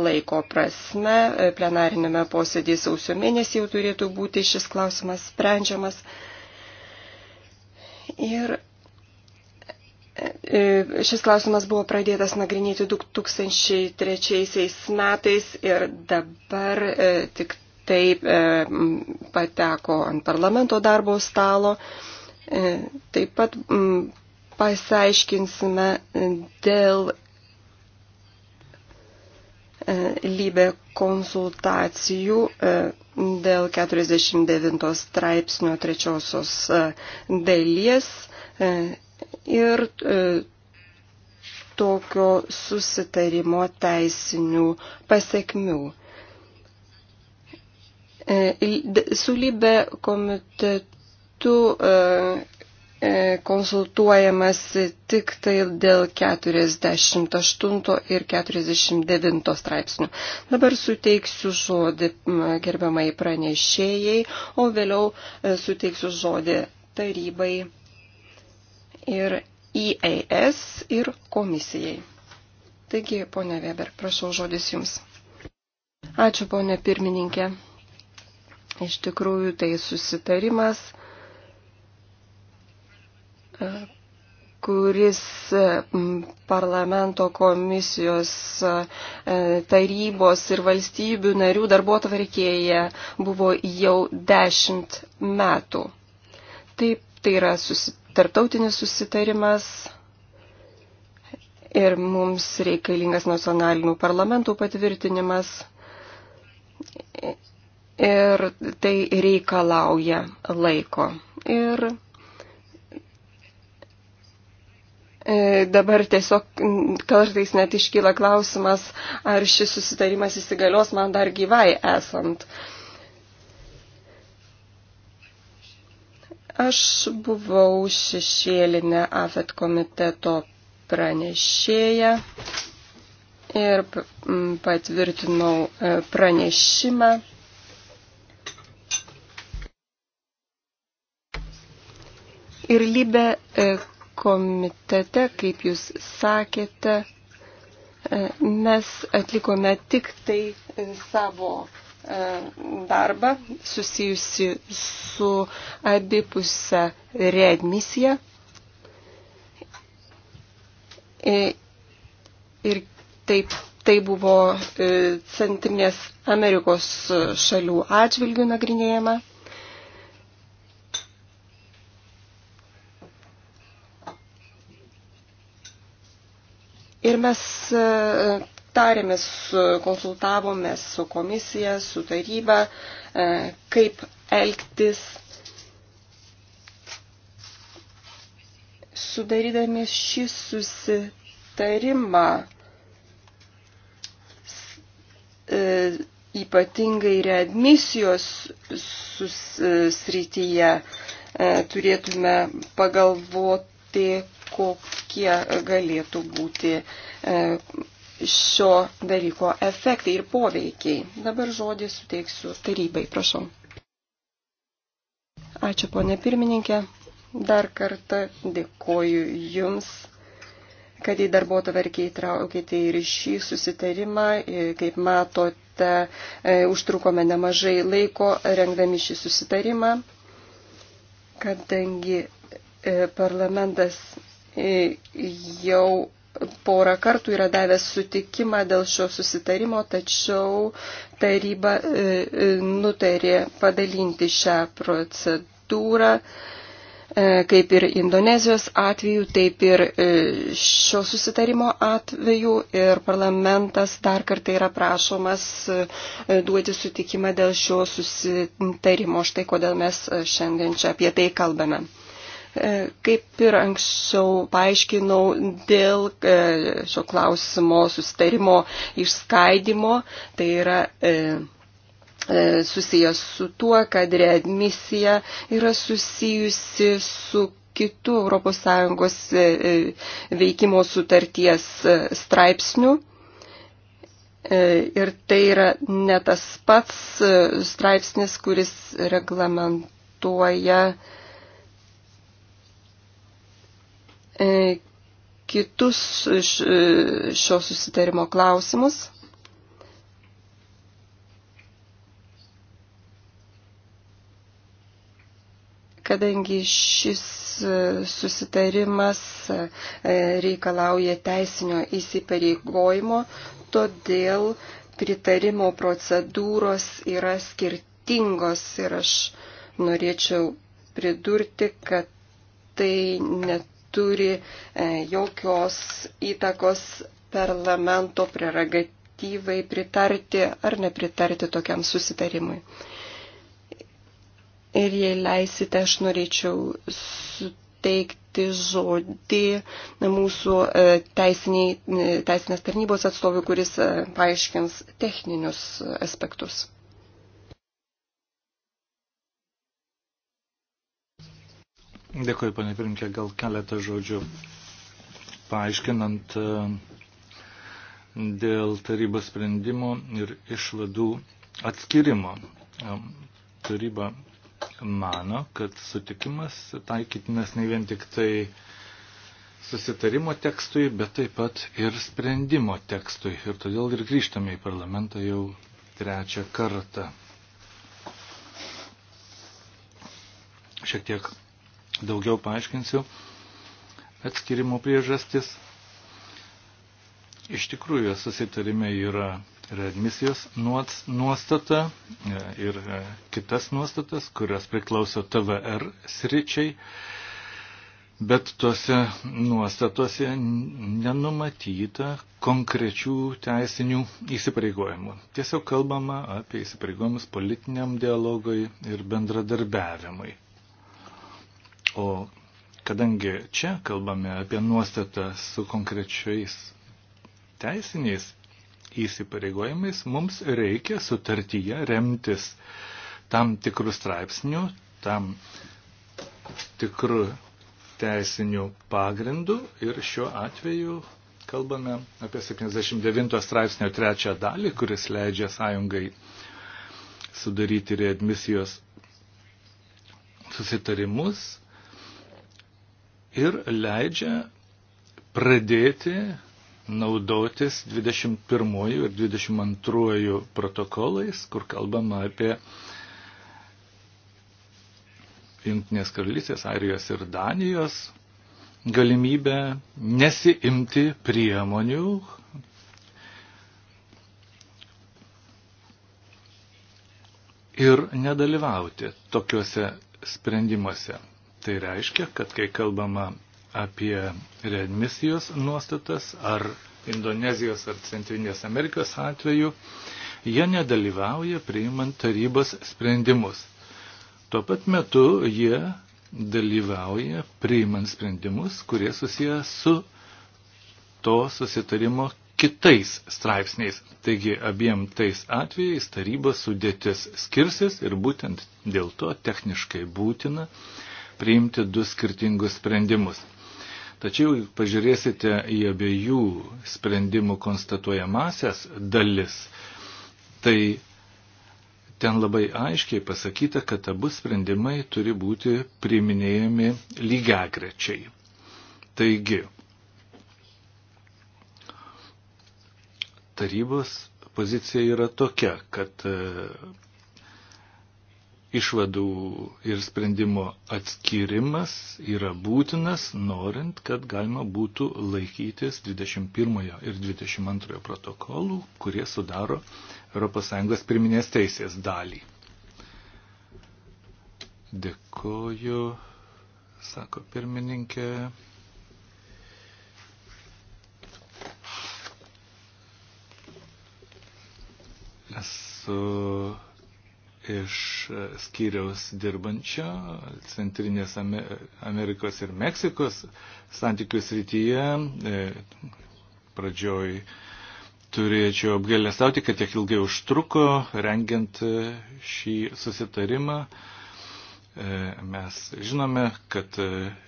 [SPEAKER 4] laiko prasme. Plenarinėme posėdėje sausio mėnesį jau turėtų būti šis klausimas sprendžiamas. Ir šis klausimas buvo pradėtas nagrinėti 2003 metais ir dabar tik taip e, pateko ant parlamento darbo stalo. E, taip pat pasiaiškinsime dėl e, lybė konsultacijų dėl 49 straipsnio trečiosios dalies ir tokio susitarimo teisinių pasiekmių. E, su Libe komitetu e, e, konsultuojamas tik tai dėl 48 ir 49 straipsnių. Dabar suteiksiu žodį gerbiamai pranešėjai, o vėliau suteiksiu žodį tarybai ir IAS ir komisijai. Taigi, ponia Weber, prašau žodis jums. Ačiū, ponia pirmininkė. Iš tikrųjų, tai susitarimas, e, kuris e, parlamento komisijos e, tarybos ir valstybių narių darbo tvarkėje buvo jau dešimt metų. Taip, tai yra susi, tarptautinis susitarimas ir mums reikalingas nacionalinių parlamentų patvirtinimas ir tai reikalauja laiko. Ir e, dabar tiesiog mm, kartais net iškyla klausimas, ar šis susitarimas įsigalios man dar gyvai esant. Aš buvau šešėlinė AFET komiteto pranešėja ir mm, patvirtinau e, pranešimą Ir Libe e, komitete, kaip jūs sakėte, e, mes atlikome tik tai e, savo darbą susijusi su abipusę readmisiją. Ir taip, tai buvo Centrinės Amerikos šalių atžvilgių nagrinėjama. Ir mes e, tarėmės, konsultavomės su komisija, su taryba, e, kaip elgtis sudarydami šį susitarimą e, ypatingai readmisijos srityje turėtume pagalvoti, kokie kokie galėtų būti e, šio dalyko efektai ir poveikiai. Dabar žodį suteiksiu tarybai, prašau. Ačiū, ponė pirmininkė. Dar kartą dėkoju Jums, kad į darbo tvarkį įtraukėte ir šį susitarimą. E, kaip matote, e, užtrukome nemažai laiko rengdami šį susitarimą, kadangi parlamentas jau porą kartų yra davęs sutikimą dėl šio susitarimo, tačiau taryba e, e, nutarė padalinti šią procedūrą. E, kaip ir Indonezijos atveju, taip ir šio susitarimo atveju ir parlamentas dar kartą yra prašomas duoti sutikimą dėl šio susitarimo. Štai kodėl mes šiandien čia apie tai kalbame. E, kaip ir anksčiau paaiškinau dėl e, šio klausimo sustarimo išskaidimo, tai yra e, susijęs su tuo, kad readmisija yra susijusi su kitų ES veikimo sutarties straipsnių. Ir tai yra ne tas pats straipsnis, kuris reglamentuoja uh, E, kitus e, šio susitarimo klausimus. kadangi šis e, susitarimas reikalauja teisinio įsipareigojimo, todėl pritarimo procedūros yra skirtingos ir aš norėčiau pridurti, kad tai net neturi e, jokios įtakos parlamento prerogatyvai pritarti ar nepritarti tokiam susitarimui. Ir jei leisite, aš norėčiau suteikti žodį mūsų e, teisiniai, e, teisinės tarnybos atstovui, kuris paaiškins techninius aspektus.
[SPEAKER 3] Dėkuoju, panė Pirmkė, gal keletą žodžių paaiškinant e, dėl tarybos sprendimo ir išvadų atskirimo. E, taryba mano, kad sutikimas taikytinas ne vien tik tai susitarimo tekstui, bet taip pat ir sprendimo tekstui. Ir todėl ir grįžtame į parlamentą jau trečią kartą. Šiek tiek Daugiau paaiškinsiu atskirimo priežastis. Iš tikrųjų, susitarime yra readmisijos nuostata e, ir e, kitas nuostatas, kurios priklauso TVR sričiai, bet tose nuostatose nenumatyta konkrečių teisinių įsipareigojimų. Tiesiog kalbama apie įsipareigojimus politiniam dialogui ir bendradarbiavimui. O kadangi čia kalbame apie nuostatą su konkrečiais teisiniais įsipareigojimais, mums reikia sutartyje remtis tam tikrų straipsnių, tam tikrų teisinių pagrindų ir šiuo atveju kalbame apie 79 straipsnio trečią dalį, kuris leidžia sąjungai sudaryti readmisijos susitarimus ir leidžia pradėti naudotis 21 ir 22 protokolais, kur kalbama apie Junktinės karalystės, Airijos ir Danijos galimybę nesiimti priemonių, ir nedalyvauti tokiuose sprendimuose. Tai reiškia, kad kai kalbama apie readmisijos nuostatas ar Indonezijos ar Centrinės Amerikos atveju, jie nedalyvauja priimant tarybos sprendimus. Tuo pat metu jie dalyvauja priimant sprendimus, kurie susiję su to susitarimo kitais straipsniais. Taigi abiem tais atvejais tarybos sudėtis skirsis ir būtent dėl to techniškai būtina priimti du skirtingus sprendimus. Tačiau pažiūrėsite į abiejų sprendimų konstatuojamasias dalis, tai ten labai aiškiai pasakyta, kad abu sprendimai turi būti priminėjami lygiagrečiai. Taigi, tarybos pozicija yra tokia, kad išvadų ir sprendimo atskirimas yra būtinas, norint, kad galima būtų laikytis 21 ir 22 protokolų, kurie sudaro ES pirminės teisės dalį. Dėkoju, sako pirmininkė. Esu iš e, skyriaus dirbančio Centrinės Amerikos ir Meksikos santykių srityje. E, pradžioj turėčiau apgailestauti, kad tiek ilgai užtruko rengiant e, šį susitarimą. Mes žinome, kad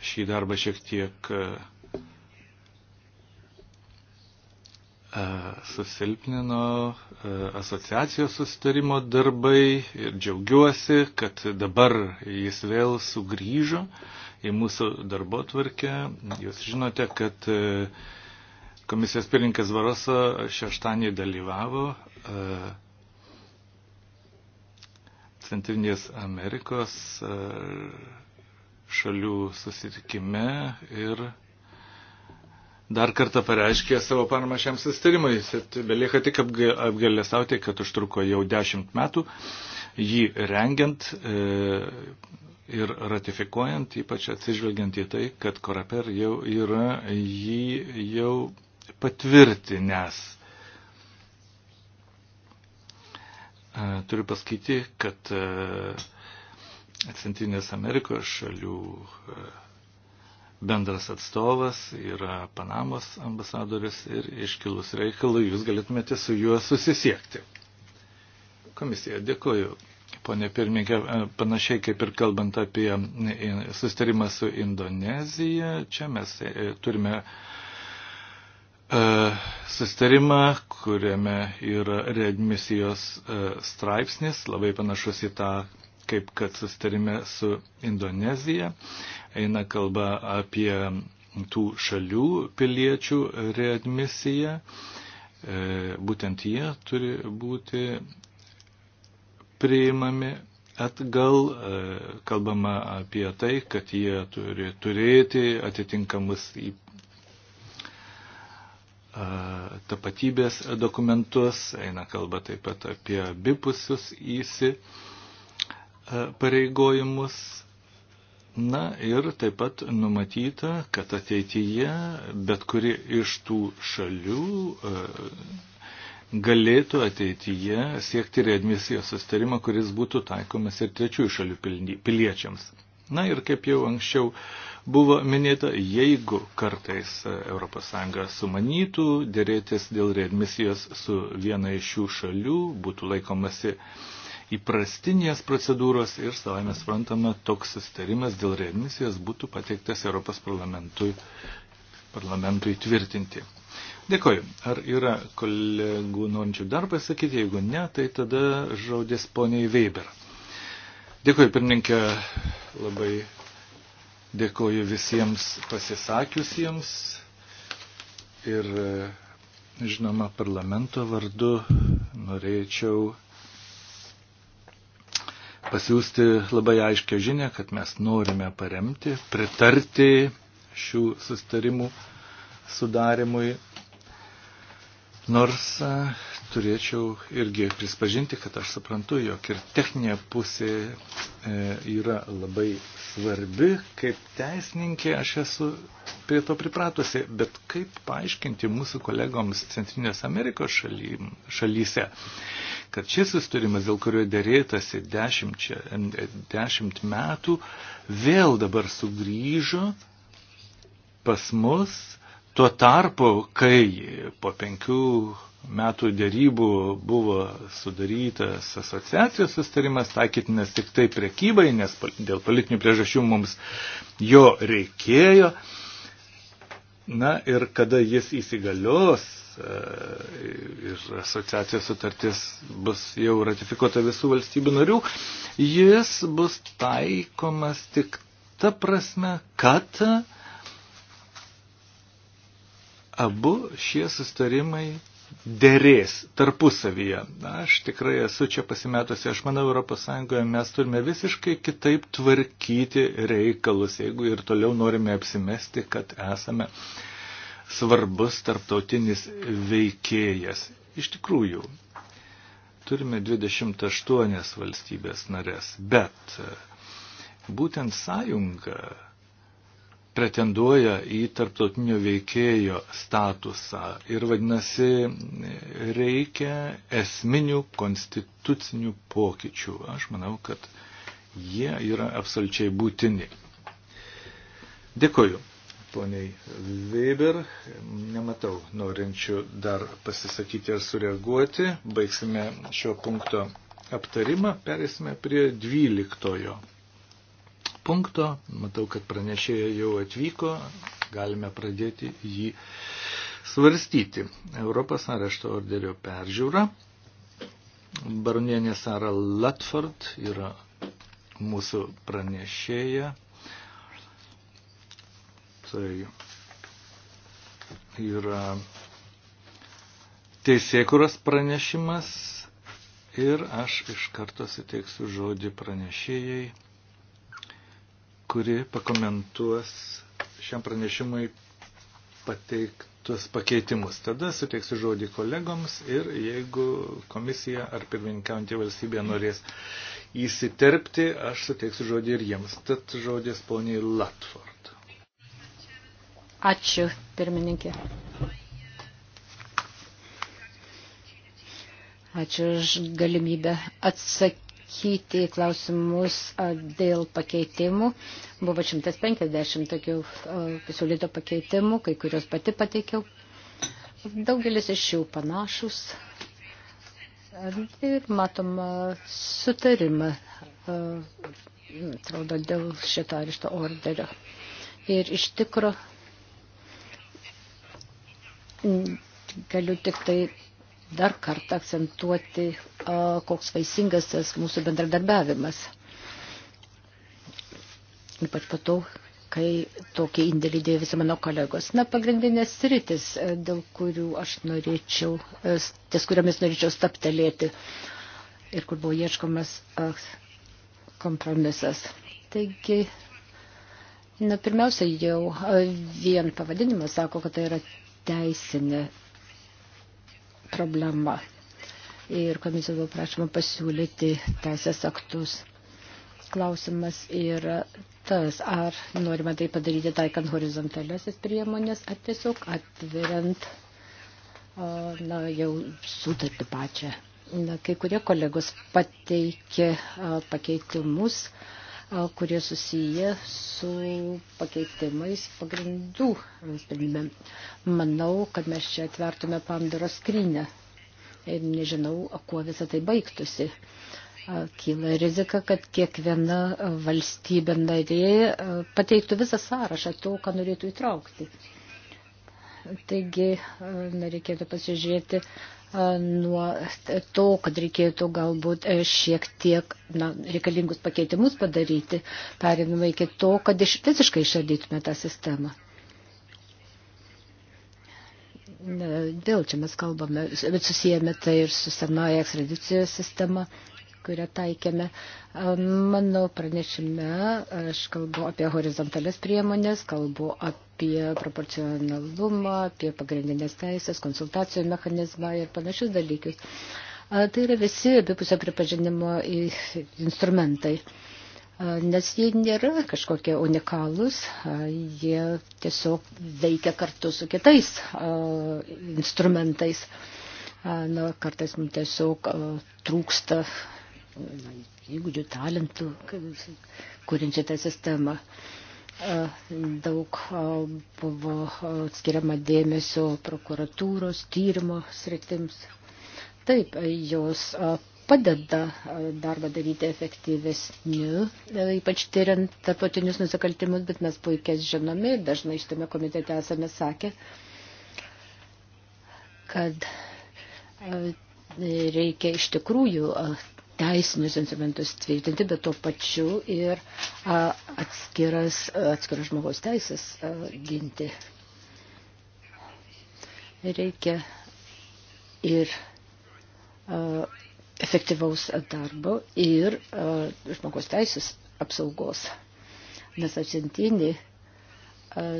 [SPEAKER 3] šį darbą šiek tiek E, susilpnino e, asociacijos sustarimo darbai ir džiaugiuosi, kad dabar jis vėl sugrįžo į mūsų darbo tvarkę. Jūs žinote, kad e, komisijos pirmininkas Varoso šeštadienį dalyvavo Centrinės Amerikos šalių susitikime ir dar kartą pareiškė savo paramą šiam sustarimui. Belieka tik apgalė sauti, kad užtruko jau dešimt metų jį rengiant e, ir ratifikuojant, ypač atsižvelgiant į tai, kad Koraper jau yra jį jau patvirtinęs. E, turiu pasakyti, kad e, Centrinės Amerikos šalių bendras atstovas yra Panamos ambasadorius ir iškilus reikalui jūs galėtumėte su juo susisiekti. Komisija, dėkoju. Pone pirmininkė, e, panašiai kaip ir kalbant apie e, sustarimą su Indonezija, čia mes e, turime sustarimą, kuriame yra readmisijos straipsnis, labai panašus į tą, kaip kad sustarime su Indonezija eina kalba apie tų šalių piliečių readmisiją. E, būtent jie turi būti priimami atgal, e, kalbama apie tai, kad jie turi turėti atitinkamus e, tapatybės dokumentus, eina kalba taip pat apie abipusius įsi pareigojimus Na ir taip pat numatyta, kad ateityje bet kuri iš tų šalių e, galėtų ateityje siekti readmisijos sustarimą, kuris būtų taikomas ir trečiųjų šalių piliečiams. Na ir kaip jau anksčiau buvo minėta, jeigu kartais ES sumanytų dėrėtis dėl readmisijos su viena iš šių šalių, būtų laikomasi uh, įprastinės procedūros ir savai mes suprantame, toks sustarimas dėl readmisijos būtų pateiktas Europos parlamentui, parlamentui tvirtinti. Dėkoju. Ar yra kolegų norinčių dar pasakyti? Jeigu ne, tai tada žodis poniai Weber. Dėkoju, pirmininkė, labai dėkoju visiems pasisakiusiems ir, žinoma, parlamento vardu norėčiau pasiūsti labai aiškę žinę, kad mes norime paremti, pritarti šių sustarimų sudarimui. Nors turėčiau irgi prispažinti, kad aš suprantu, jog ir techninė pusė e, yra labai svarbi. Kaip teisininkė aš esu prie to pripratusi, bet kaip paaiškinti mūsų kolegoms Centrinės Amerikos šaly, šalyse, kad šis sustarimas, dėl kurio dėrėtasi dešimt, dešimt metų, vėl dabar sugrįžo pas mus, tuo tarpu, kai po penkių metų dėrybų buvo sudarytas asociacijos sustarimas, taikytinas tik tai prekybai, nes dėl politinių priežasčių mums jo reikėjo. Na ir kada jis įsigalios e, ir asociacijos sutartis bus jau ratifikuota visų valstybių narių, jis bus taikomas tik ta prasme, kad abu šie sustarimai dėrės tarpusavyje. Aš tikrai esu čia pasimetusi. Aš manau, ES mes turime visiškai kitaip tvarkyti reikalus, jeigu ir toliau norime apsimesti, kad esame svarbus tarptautinis veikėjas. Iš tikrųjų, turime 28 valstybės narės, bet būtent sąjunga pretenduoja į tarptautinio veikėjo statusą ir vadinasi reikia esminių konstitucinių pokyčių. Aš manau, kad jie yra absoliučiai būtini. Dėkoju, poniai Weber. Nematau norinčių dar pasisakyti ar sureaguoti. Baigsime šio punkto aptarimą, perėsime prie dvyliktojo punkto. Matau, kad pranešėja jau atvyko, galime pradėti jį svarstyti. Europos arešto orderio peržiūra. Baronienė Sara Latford yra mūsų pranešėja. Tai yra teisėkuros pranešimas ir aš iš karto suteiksiu žodį pranešėjai kuri pakomentuos šiam pranešimui pateiktus pakeitimus. Tada suteiksiu žodį kolegoms ir jeigu komisija ar pirmininkaujantį valstybė norės įsiterpti, aš suteiksiu žodį ir jiems. Tad žodis poniai Latford.
[SPEAKER 2] Ačiū, pirmininkė. Ačiū už galimybę atsakyti atsakyti klausimus dėl pakeitimų. Buvo 150 tokių pasiūlyto pakeitimų, kai kurios pati pateikiau. Daugelis iš jų panašus. Ir matoma sutarimą, atrodo, dėl šito arešto orderio. Ir iš tikro galiu tik tai dar kartą akcentuoti, koks vaisingas tas mūsų bendradarbiavimas. Ypač po to, kai tokį indėlį dėjo visi mano kolegos. Na, pagrindinės sritis, dėl kurių aš norėčiau, ties kuriomis norėčiau staptelėti ir kur buvo ieškomas kompromisas. Taigi, na, pirmiausia, jau vien pavadinimas sako, kad tai yra teisinė problema. Ir komisija buvo prašoma pasiūlyti teisės aktus. Klausimas yra tas, ar norima tai padaryti taikant horizontaliasis priemonės, ar tiesiog atveriant na, jau sutartį pačią. Na, kai kurie kolegos pateikė pakeitimus. A, kurie susiję su pakeitimais pagrindų sprendime. Manau, kad mes čia atvertume Pandoro skrynę ir nežinau, kuo visą tai baigtųsi. Kyla rizika, kad kiekviena valstybė narė pateiktų visą sąrašą to, ką norėtų įtraukti. Taigi e, reikėtų pasižiūrėti e, nuo to, kad reikėtų galbūt e, šiek tiek na, reikalingus pakeitimus padaryti, perinimą iki to, kad iš, visiškai išardytume tą sistemą. Vėl čia mes kalbame, bet susijęme tai ir su senoja ekstradicijos sistema, kurią taikėme. Mano pranešime aš kalbu apie horizontalias priemonės, kalbu apie proporcionalumą, apie pagrindinės teisės, konsultacijų mechanizmą ir panašius dalykus. Tai yra visi abipusio pripažinimo instrumentai nes jie nėra kažkokie unikalūs, jie tiesiog veikia kartu su kitais instrumentais. Na, kartais mums tiesiog trūksta na, įgūdžių, talentų, kuriant šitą sistemą. Daug buvo skiriama dėmesio prokuratūros tyrimo sritims. Taip, jos padeda darbą daryti efektyvesniu, ypač tyriant tarptautinius nusikaltimus, bet mes puikiai žinome ir dažnai šitame komitete esame sakę, kad reikia iš tikrųjų teisinius instrumentus tvirtinti, bet tuo pačiu ir atskiras, atskiras žmogaus teisės ginti. Reikia ir efektyvaus darbo ir žmogaus teisės apsaugos. Nes Argentinį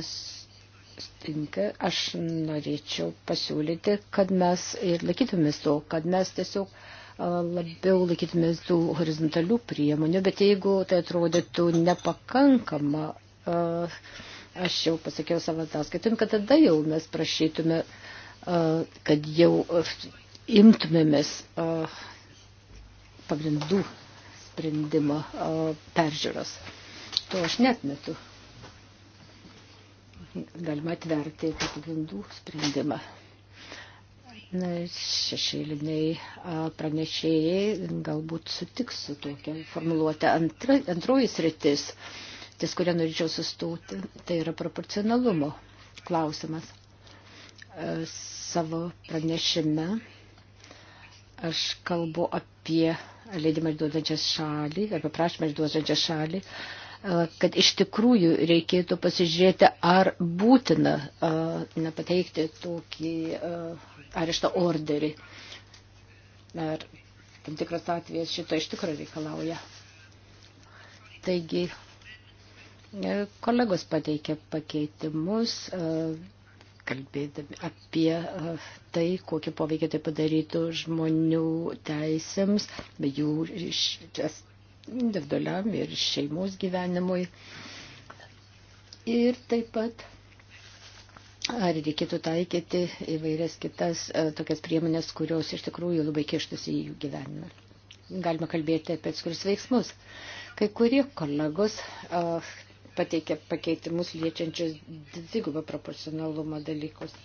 [SPEAKER 2] stinka, aš norėčiau pasiūlyti, kad mes ir laikytumės to, kad mes tiesiog uh, labiau laikytumės tų horizontalių priemonių, bet jeigu tai atrodytų nepakankama, aš jau pasakiau savo ataskaitim, kad tada jau mes prašytume, kad jau imtumėmės pagrindų sprendimo peržiūros. To aš netmetu. Galima atverti pagrindų sprendimą šešėliniai pranešėjai galbūt sutiks su tokia formuluotė. Antra, antroji sritis, ties kurią norėčiau sustoti, tai yra proporcionalumo klausimas. Savo pranešime aš kalbu apie leidimą išduodančią šalį, apie prašymą išduodančią šalį. Uh, E, kad iš tikrųjų reikėtų pasižiūrėti, ar būtina e, nepateikti tokį e, areštą orderį. Ar tam tikras atvejas šito iš tikrųjų reikalauja. Taigi, kolegos pateikė pakeitimus kalbėdami apie tai, kokį poveikį tai padarytų žmonių teisėms, jų individualiam ir šeimos gyvenimui. Ir taip pat ar reikėtų taikyti įvairias kitas e, tokias priemonės, kurios iš tikrųjų labai kištusi į jų gyvenimą. Galima kalbėti apie atskirus veiksmus. Kai kurie kolegos e, pateikė pakeitimus liečiančius dvigubą proporcionalumo dalykus.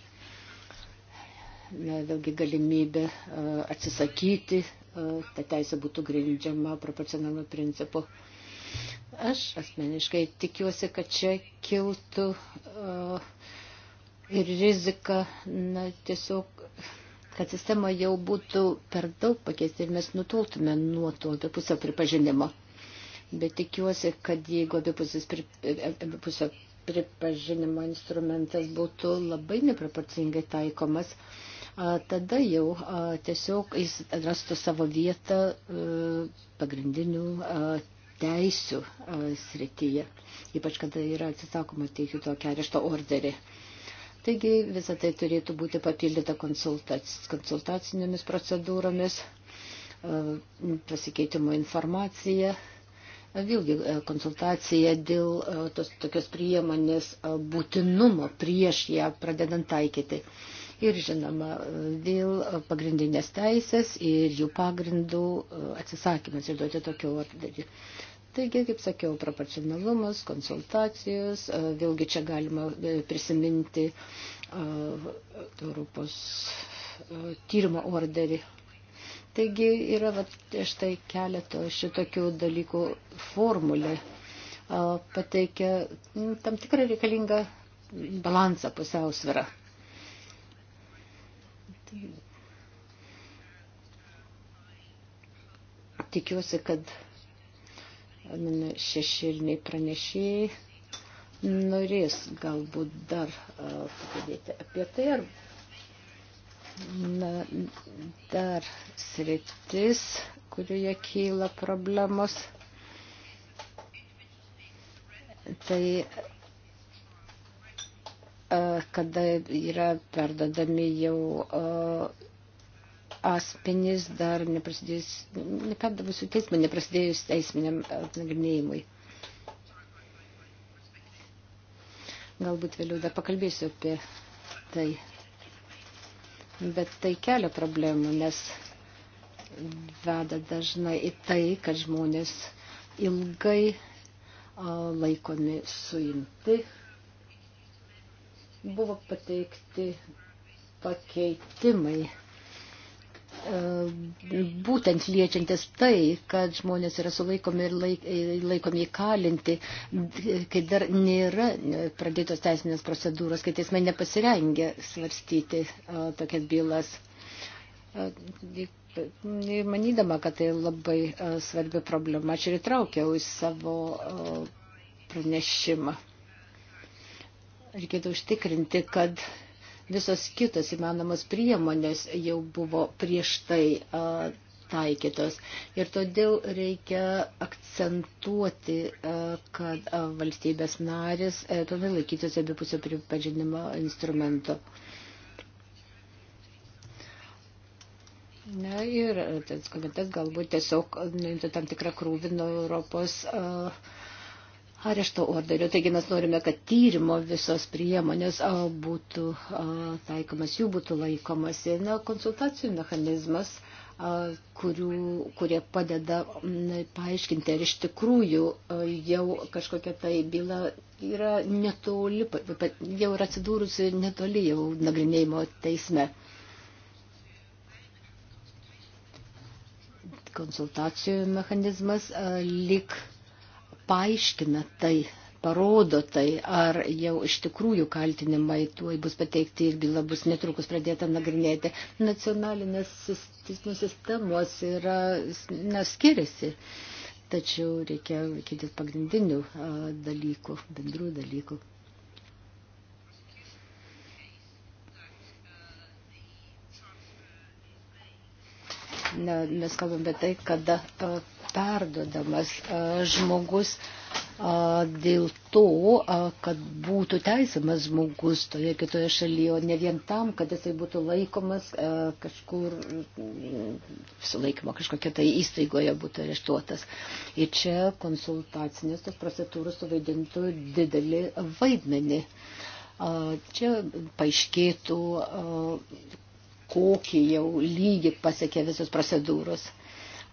[SPEAKER 2] Vėlgi galimybė e, atsisakyti ta teisė būtų grindžiama proporcionalu principu. Aš asmeniškai tikiuosi, kad čia kiltų uh, ir rizika, na, tiesiog, kad sistema jau būtų per daug pakeisti ir mes nutoltume nuo to abipusio pripažinimo. Bet tikiuosi, kad jeigu abipusis pri, abipusio pripažinimo instrumentas būtų labai neproporcingai taikomas, uh, tada jau tiesiog jis rastų savo vietą e, pagrindinių teisių srityje, ypač kada yra atsisakoma teikti tokią arešto orderį. Taigi visą tai turėtų būti papildyta konsultac, konsultacinėmis procedūromis, pasikeitimo informacija, vėlgi konsultacija dėl tos tokios priemonės būtinumo prieš ją pradedant taikyti ir žinoma dėl pagrindinės teisės ir jų pagrindų e, atsisakymas ir duoti tokių atdaryti. Taigi, kaip sakiau, proporcionalumas, konsultacijos, e, vėlgi čia galima e, prisiminti Europos tyrimo orderį. Taigi yra vat, štai keleto šitokių dalykų formulė pateikia tam tikrą reikalingą balansą pusiausvirą. Tikiuosi, kad šešėliniai pranešėjai norės galbūt dar pakalbėti apie tai. Ar, na, dar sritis, kurioje kyla problemos, tai E, kada yra perdodami jau e, asmenys dar neprasidėjus, neperdavusių teismą, neprasidėjus teisminiam nagrinėjimui. Galbūt vėliau dar pakalbėsiu apie tai. Bet tai kelia problemų, nes veda dažnai į tai, kad žmonės ilgai laikomi suimti Buvo pateikti pakeitimai e, būtent liečiantis tai, kad žmonės yra sulaikomi ir laik, e, laikomi įkalinti, kai dar nėra pradėtos teisinės procedūros, kai teismai nepasirengia svarstyti e, tokias bylas. Manydama, kad tai labai svarbi problema, aš ir įtraukiau į savo pranešimą reikėtų užtikrinti, kad visos kitos įmanomos priemonės jau buvo prieš tai a, taikytos. Ir todėl reikia akcentuoti, a, kad a, valstybės narės e, todėl laikytųsi abipusio pripažinimo instrumento. Na ir tas komitetas galbūt tiesiog nuimtų tam tikrą krūvį nuo Europos uh, arešto orderio. Taigi mes norime, kad tyrimo visos priemonės būtų taikomas, jų būtų laikomasi. Na, konsultacijų mechanizmas, kurių, kurie padeda paaiškinti, ar iš tikrųjų jau kažkokia tai byla yra netoli, jau yra atsidūrusi netoli jau nagrinėjimo teisme. Konsultacijų mechanizmas lik paaiškina tai, parodo tai, ar jau iš tikrųjų kaltinimai tuoj bus pateikti ir byla bus netrukus pradėta nagrinėti. Nacionalinės teismų sistemos yra, na, skiriasi. Tačiau reikia laikytis pagrindinių a, dalykų, bendrų dalykų. Na, mes kalbame apie tai, kada a, perdodamas e, žmogus e, dėl to, e, kad būtų teisiamas žmogus toje kitoje šalyje, o ne vien tam, kad jisai būtų laikomas kažkur, sulaikoma kažkokia tai įstaigoje būtų areštuotas. Ir čia konsultacinės tos procedūros suvaidintų didelį vaidmenį. Čia paaiškėtų, kokį jau lygį pasiekė visos procedūros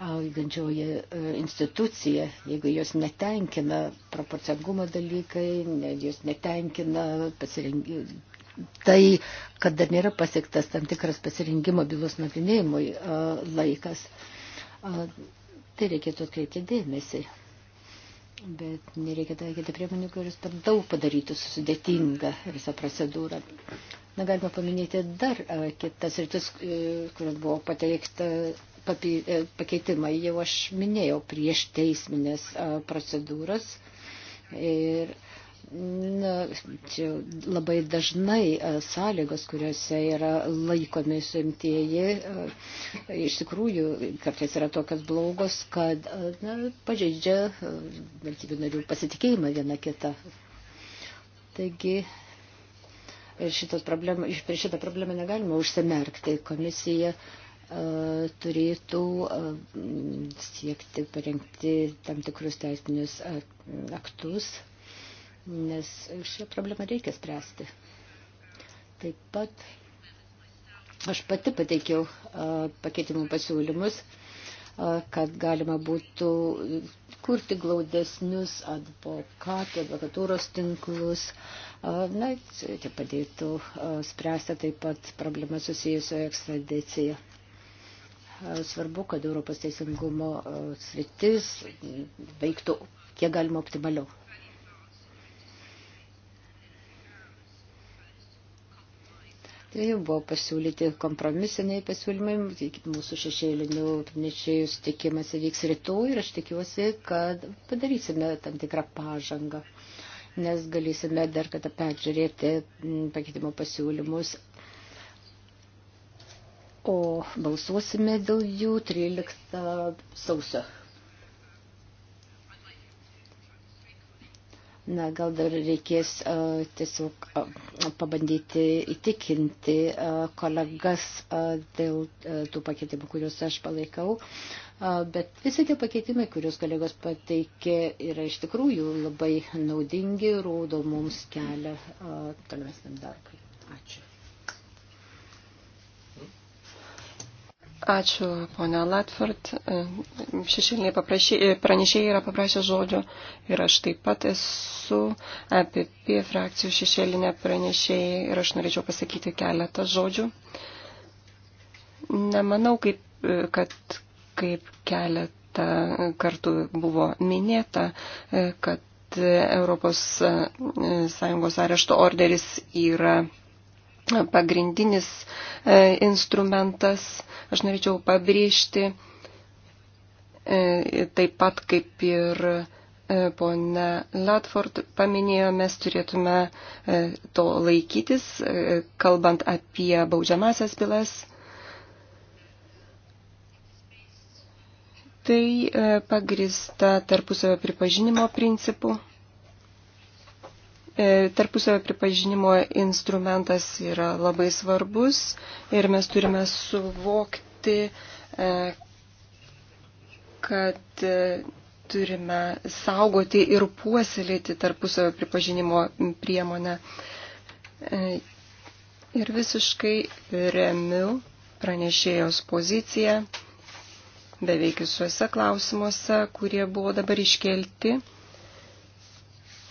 [SPEAKER 2] valdančioji e, institucija, jeigu jos netenkina proporcingumo dalykai, jos netenkina pasirengimą. Tai, kad dar nėra pasiektas tam tikras pasirinkimo bylos nagrinėjimui e, laikas, e, tai reikėtų atkreipti dėmesį. Bet nereikia taikyti priemonių, kuris per daug padarytų sudėtingą visą procedūrą. Na, galima paminėti dar kitas rytis, kurios buvo pateikta E, pakeitimai. Jau aš minėjau prieš teisminės e, procedūras. Ir Na, čia labai dažnai e, sąlygos, kuriuose yra laikomi suimtieji, iš tikrųjų kartais yra tokios blogos, kad na, pažeidžia valstybių narių pasitikėjimą viena kita. Taigi šitos problemas, per šitą problemą negalima užsimerkti. Komisija uh, turėtų e, siekti parengti tam tikrus teisinius aktus, nes šią problemą reikia spręsti. Taip pat aš pati pateikiau e, pakeitimų pasiūlymus, e, kad galima būtų kurti glaudesnius advokatų, advokatūros tinklus. Na, tai padėtų spręsti taip pat problemą susijusią ekstradiciją svarbu, kad Europos teisingumo e, sritis veiktų kiek galima optimaliau. Tai buvo pasiūlyti kompromisiniai pasiūlymai, mūsų šešėlinių pranešėjų sutikimas įvyks rytoj ir aš tikiuosi, kad padarysime tam tikrą pažangą, nes galėsime dar kartą peržiūrėti pakeitimo pasiūlymus o balsuosime dėl jų 13 sausio. Na, gal dar reikės uh, tiesiog uh, pabandyti įtikinti uh, kolegas uh, dėl uh, tų pakeitimų, kuriuos aš palaikau. Uh, bet visi tie pakeitimai, kuriuos kolegos pateikė, yra iš tikrųjų labai naudingi, rodo mums kelią uh, tolimesniam darbui. Ačiū.
[SPEAKER 4] Ačiū, ponia Latford. Šešėliniai pranešėjai yra paprašę žodžio ir aš taip pat esu APP frakcijų šešėlinė pranešėjai ir aš norėčiau pasakyti keletą žodžių. Nemanau, kaip, kad kaip keletą kartų buvo minėta, kad Europos Sąjungos arešto orderis yra pagrindinis e, instrumentas, aš norėčiau pabrėžti, e, taip pat kaip ir e, ponė Latford paminėjo, mes turėtume to laikytis, kalbant apie baudžiamasias bylas. Tai pagrista tarpusavio pripažinimo principų. E, tarpusavio pripažinimo instrumentas yra labai svarbus ir mes turime suvokti, e, kad e, turime saugoti ir puoselėti tarpusavio pripažinimo priemonę. Ir visiškai remiu pranešėjos poziciją beveik visuose klausimuose, kurie buvo dabar iškelti.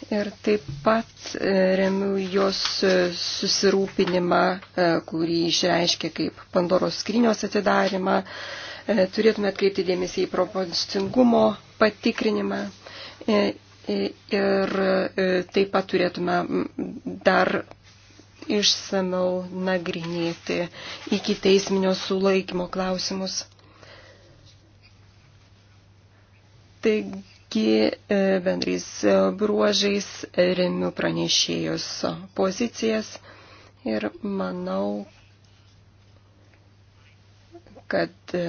[SPEAKER 4] Ir taip pat e, remiu jos e, susirūpinimą, e, kurį išreiškia kaip Pandoros skrynios atidarimą. Turėtume atkreipti dėmesį į proporcingumo patikrinimą ir taip pat turėtume dar išsameu nagrinėti iki teisminio sulaikymo klausimus. Taigi, Taigi e, bendrais e, bruožais remiu pranešėjus pozicijas ir manau, kad e,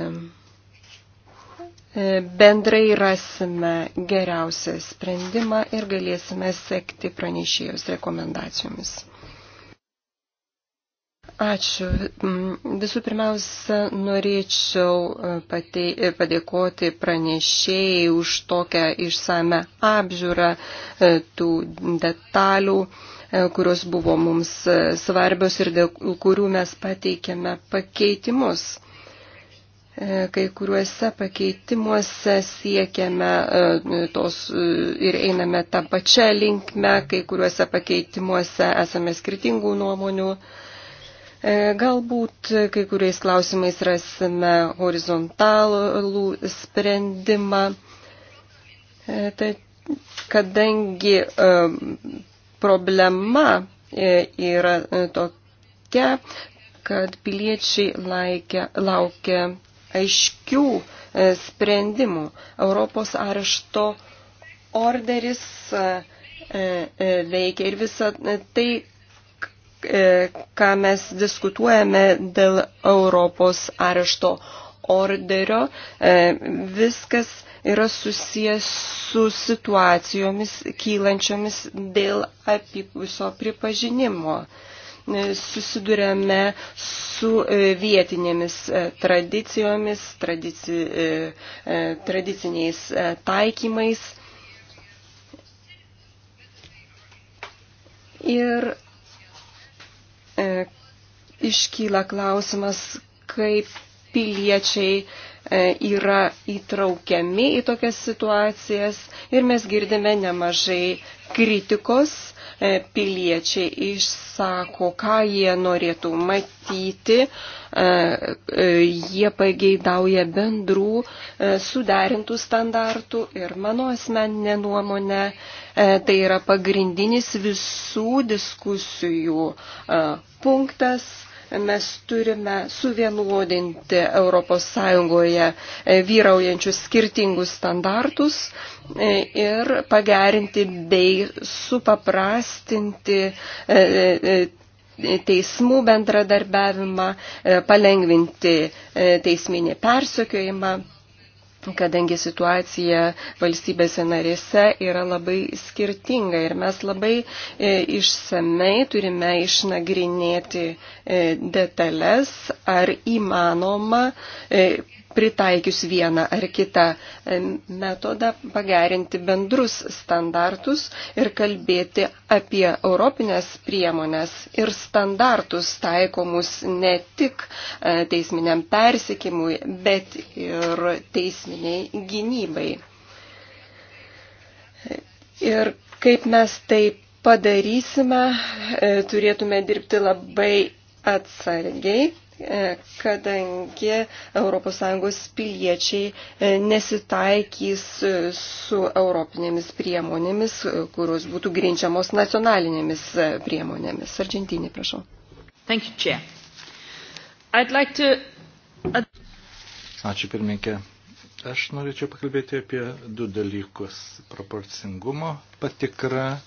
[SPEAKER 4] bendrai rasime geriausią sprendimą ir galėsime sekti pranešėjus rekomendacijomis. Ačiū. Mm, visų pirmiausia, norėčiau e, patei, e, padėkoti pranešėjai už tokią išsame apžiūrą e, tų detalių, kurios buvo mums svarbios ir dėl kurių mes pateikėme pakeitimus. Kai kuriuose pakeitimuose siekiame tos ir einame tą pačią linkmę, kai kuriuose pakeitimuose esame skirtingų nuomonių. E, galbūt kai kuriais klausimais rasime horizontalų sprendimą, e, tai kadangi e, problema yra tokia, kad piliečiai laikia, laukia aiškių sprendimų. Europos arešto orderis veikia ir visa tai E, ką mes diskutuojame dėl Europos arešto orderio, e, viskas yra susijęs su situacijomis kylančiomis dėl apipusio pripažinimo. E, susidurėme su vietinėmis tradicijomis, tradici, tradiciniais taikymais. Ir E, iškyla klausimas, kaip piliečiai e, yra įtraukiami į tokias situacijas ir mes girdime nemažai kritikos, e, piliečiai išsako, ką jie norėtų matyti, e, jie pageidauja bendrų suderintų standartų ir mano asmeninė nuomonė tai yra pagrindinis visų diskusijų punktas mes turime suvienodinti ES e, vyraujančius skirtingus standartus e, ir pagerinti bei supaprastinti e, teismų bendradarbiavimą, palengvinti teisminį persokiojimą kadangi situacija valstybėse narėse yra labai skirtinga ir mes labai e, išsamei turime išnagrinėti e, detalės, ar įmanoma e, pritaikius vieną ar kitą e, metodą, pagerinti bendrus standartus ir kalbėti apie europinės priemonės ir standartus taikomus ne tik e, teisminiam persikimui, bet ir teisminiai gynybai. Ir kaip mes tai padarysime, e, turėtume dirbti labai atsargiai E, kadangi ES piliečiai e, nesitaikys e, su europinėmis priemonėmis, kurios būtų grinčiamos nacionalinėmis priemonėmis. Argentinė, prašau. Thank you, Chair. I'd like to...
[SPEAKER 3] Ačiū pirmininkė. Aš norėčiau pakalbėti apie du dalykus. Proporcingumo patikra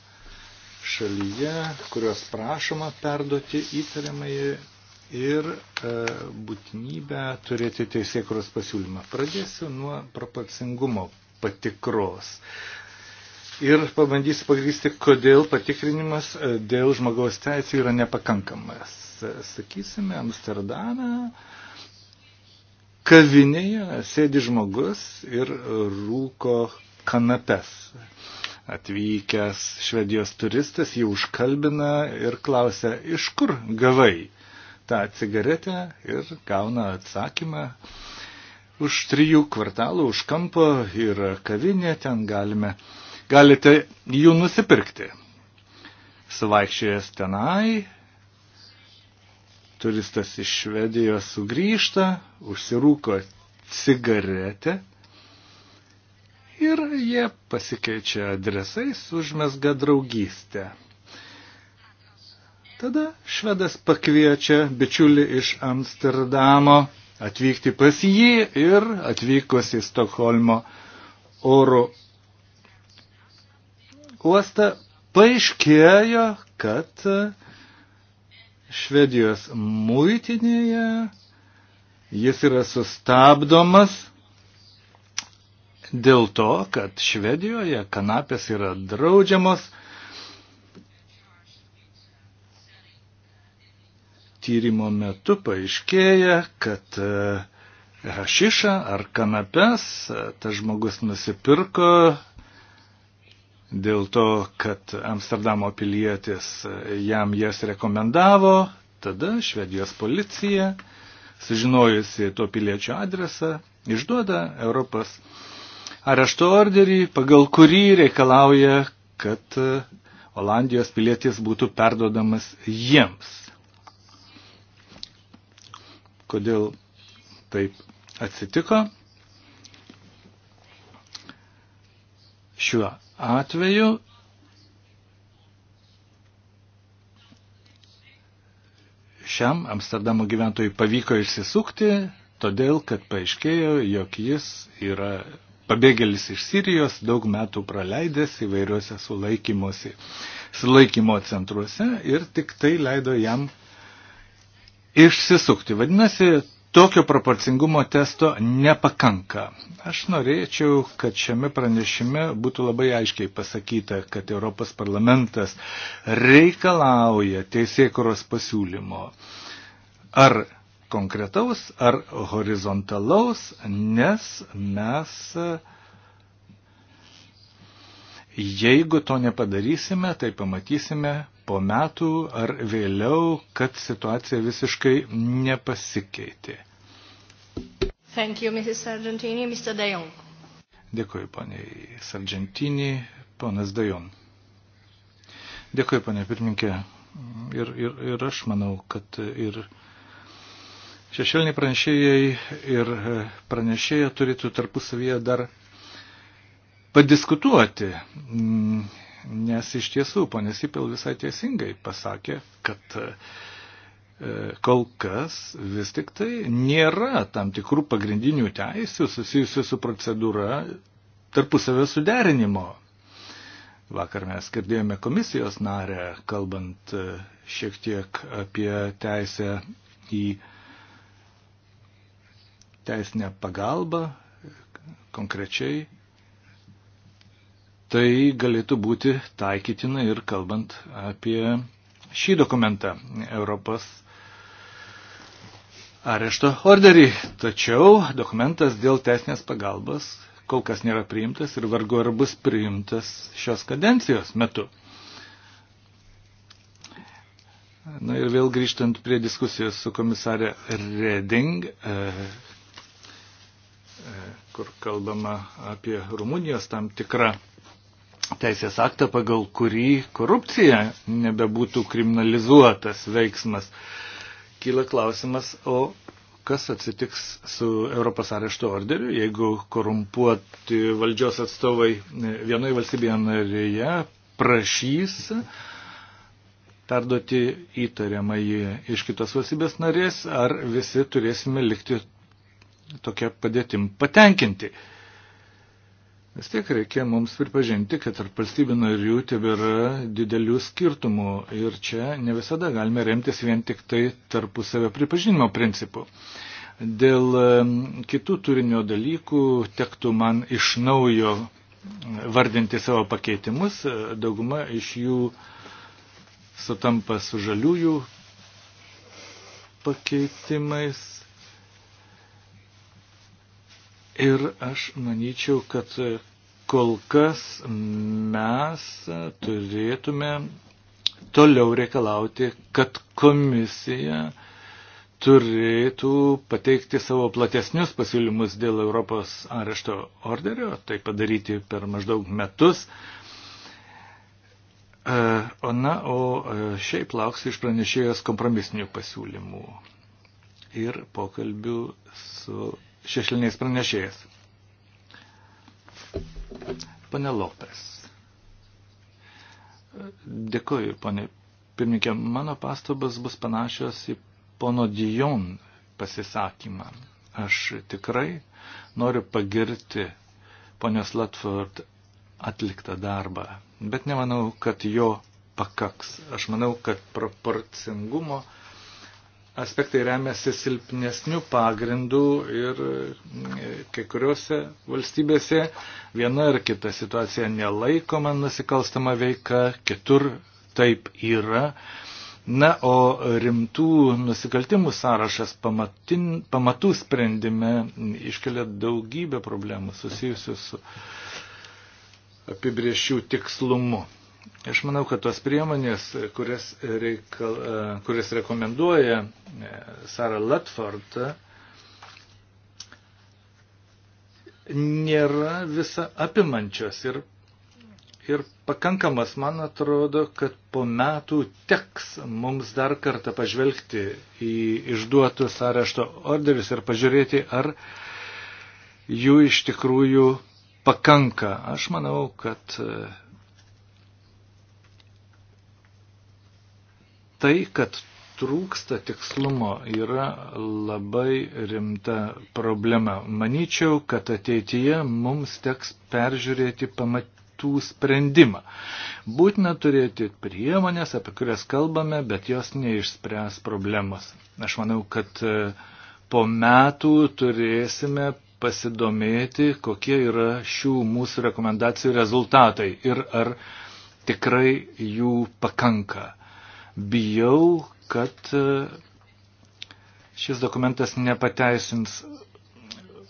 [SPEAKER 3] šalyje, kurios prašoma perduoti įtariamai ir e, būtinybę turėti teisėkros pasiūlymą. Pradėsiu nuo proporcingumo patikros. Ir pabandysiu pagrysti, kodėl patikrinimas e, dėl žmogaus teisų yra nepakankamas. E, sakysime, Amsterdame kavinėje sėdi žmogus ir rūko kanapes. Atvykęs švedijos turistas jį užkalbina ir klausia, iš kur gavai tą cigaretę ir gauna atsakymą. Už trijų kvartalų, už kampo yra kavinė, ten galime, galite jų nusipirkti. Suvaikščiojęs tenai, turistas iš Švedijos sugrįžta, užsirūko cigaretę
[SPEAKER 1] ir jie
[SPEAKER 3] pasikeičia adresais, užmesga draugystę. Tada švedas pakviečia bičiulį iš Amsterdamo atvykti pas jį ir atvykus į Stokholmo oro uostą paaiškėjo, kad Švedijos muitinėje jis yra sustabdomas dėl to, kad Švedijoje kanapės yra draudžiamos tyrimo metu paaiškėja, kad e, hašišą ar kanapes e, tas žmogus nusipirko dėl to, kad Amsterdamo pilietis e, jam jas rekomendavo, tada Švedijos policija, sužinojusi to piliečio adresą, išduoda Europos arešto orderį, pagal kurį reikalauja, kad Olandijos pilietis būtų perdodamas jiems kodėl taip atsitiko. Šiuo atveju šiam Amsterdamo gyventojui pavyko išsisukti, todėl kad paaiškėjo, jog jis yra pabėgėlis iš Sirijos, daug metų praleidęs įvairiuose sulaikymo centruose ir tik tai leido jam išsisukti. Vadinasi, tokio proporcingumo testo nepakanka. Aš norėčiau, kad šiame pranešime būtų labai aiškiai pasakyta, kad Europos parlamentas reikalauja teisėkuros pasiūlymo. Ar konkretaus, ar horizontalaus, nes mes Jeigu to nepadarysime, tai pamatysime, po metų ar vėliau, kad situacija visiškai nepasikeitė.
[SPEAKER 2] Thank you, Mrs. Sargentini, Mr. Dajon.
[SPEAKER 3] Dėkui, poniai Sargentini, ponas Dajon. Dėkui, ponė pirminkė. Ir, ir, ir aš manau, kad ir. Šešėliniai pranešėjai ir pranešėja turėtų tarpusavyje dar padiskutuoti, mm, nes iš tiesų ponė Sipil visai teisingai pasakė, kad e, kol kas vis tik tai nėra tam tikrų pagrindinių teisių susijusių su procedūra tarpusavio suderinimo. Vakar mes girdėjome komisijos narę, kalbant e, šiek tiek apie teisę į teisinę pagalbą konkrečiai tai galėtų būti taikytina ir kalbant apie šį dokumentą Europos arešto orderį. Tačiau dokumentas dėl teisinės pagalbos kol kas nėra priimtas ir vargu ar bus priimtas šios kadencijos metu. Na ir vėl grįžtant prie diskusijos su komisarė Reding, e, e, kur kalbama apie Rumunijos tam tikrą teisės aktą, pagal kurį korupcija nebebūtų kriminalizuotas veiksmas. Kyla klausimas, o kas atsitiks su Europos arešto orderiu, jeigu korumpuoti valdžios atstovai vienoje valstybėje narėje prašys perduoti įtariamą jį iš kitos valstybės narės, ar visi turėsime likti tokia padėtim patenkinti. Vis tiek reikia mums pripažinti, kad tarp valstybių narių tebėra didelių skirtumų ir čia ne visada galime remtis vien tik tai tarpusavio pripažinimo principu. Dėl kitų turinio dalykų tektų man iš naujo vardinti savo pakeitimus, dauguma iš jų sutampa su žaliųjų pakeitimais Ir aš manyčiau, kad kol kas mes turėtume toliau reikalauti, kad komisija turėtų pateikti savo platesnius pasiūlymus dėl Europos arešto orderio, tai padaryti per maždaug metus. E, o na, o e, šiaip lauksiu iš pranešėjos kompromisinių pasiūlymų ir pokalbių su šešliniais pranešėjais. Pane Lopes. Dėkuoju, pane pirmininkė. Mano pastabas bus panašios į pono Dijon pasisakymą. Aš tikrai noriu pagirti ponios Latford atliktą darbą, bet nemanau, kad jo pakaks. Aš manau, kad proporcingumo uh, aspektai remiasi silpnesnių pagrindų ir e, kai kuriuose valstybėse viena ar kita situacija nelaikoma nusikalstama veika, kitur taip yra. Na, o rimtų nusikaltimų sąrašas pamatin, pamatų sprendime iškelia daugybę problemų susijusių su apibriešių tikslumu. Aš manau, kad tos priemonės, kurias, reikal, e, kurias rekomenduoja e, Sara Latford, nėra visa apimančios ir, ir pakankamas, man atrodo, kad po metų teks mums dar kartą pažvelgti į išduotus arešto orderius ir pažiūrėti, ar jų iš tikrųjų pakanka. Aš manau, kad e, tai, kad trūksta tikslumo, yra labai rimta problema. Manyčiau, kad ateityje mums teks peržiūrėti pamatų sprendimą. Būtina turėti priemonės, apie kurias kalbame, bet jos neišspręs problemos. Aš manau, kad e, po metų turėsime pasidomėti, kokie yra šių mūsų rekomendacijų rezultatai ir ar tikrai jų pakanka bijau, kad e, šis dokumentas nepateisins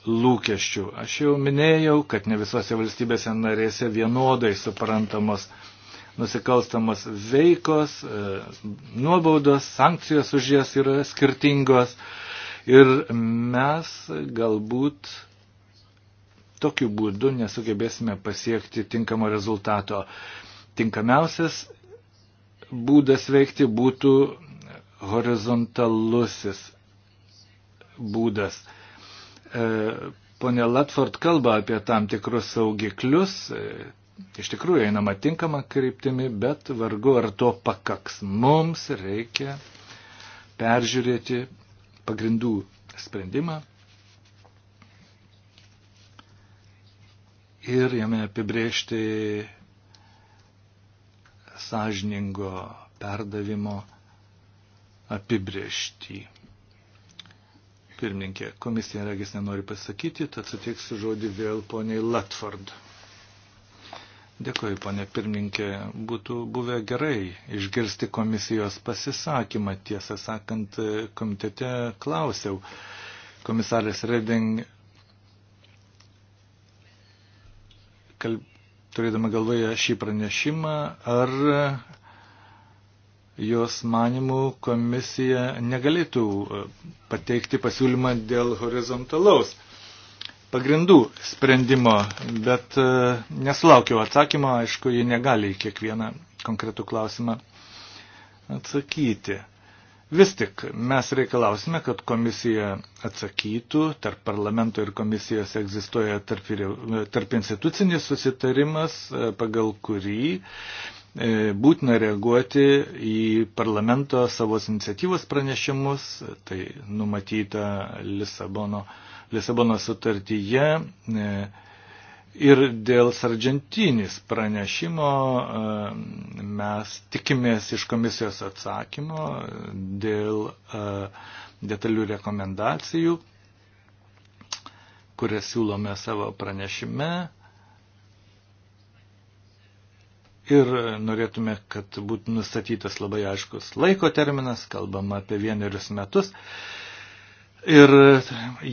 [SPEAKER 3] lūkesčių. Aš jau minėjau, kad ne visose valstybėse narėse vienodai suprantamos nusikalstamos veikos, e, nuobaudos, sankcijos už jas yra skirtingos ir mes galbūt tokiu būdu nesugebėsime pasiekti tinkamo rezultato. Tinkamiausias būdas veikti būtų horizontalusis būdas. E, Pone Latford kalba apie tam tikrus saugiklius, e, iš tikrųjų einama tinkama kryptimi, bet vargu ar to pakaks. Mums reikia peržiūrėti pagrindų sprendimą ir jame apibriežti sąžiningo perdavimo apibriešti. Pirmininkė, komisija regis nenori pasakyti, tad suteiksiu žodį vėl poniai Latford. Dėkuoju, ponė pirmininkė. Būtų buvę gerai išgirsti komisijos pasisakymą. Tiesą sakant, komitete klausiau komisarės Reding kalb turėdama galvoje šį pranešimą, ar jos manimų komisija negalėtų e, pateikti pasiūlymą dėl horizontalaus pagrindų sprendimo, bet e, nesulaukiau atsakymo, aišku, ji negali į kiekvieną konkretų klausimą atsakyti. Vis tik mes reikalausime, kad komisija atsakytų, tarp parlamento ir komisijos egzistuoja tarp, tarp institucinis susitarimas, pagal kurį e, būtina reaguoti į parlamento savos iniciatyvos pranešimus, tai numatyta Lisabono, Lisabono sutartyje. E, Ir dėl sargentinis pranešimo mes tikimės iš komisijos atsakymo dėl e, detalių rekomendacijų, kurias siūlome savo pranešime. Ir norėtume, kad būtų nustatytas labai aiškus laiko terminas, kalbama apie vienerius metus. Uh, Ir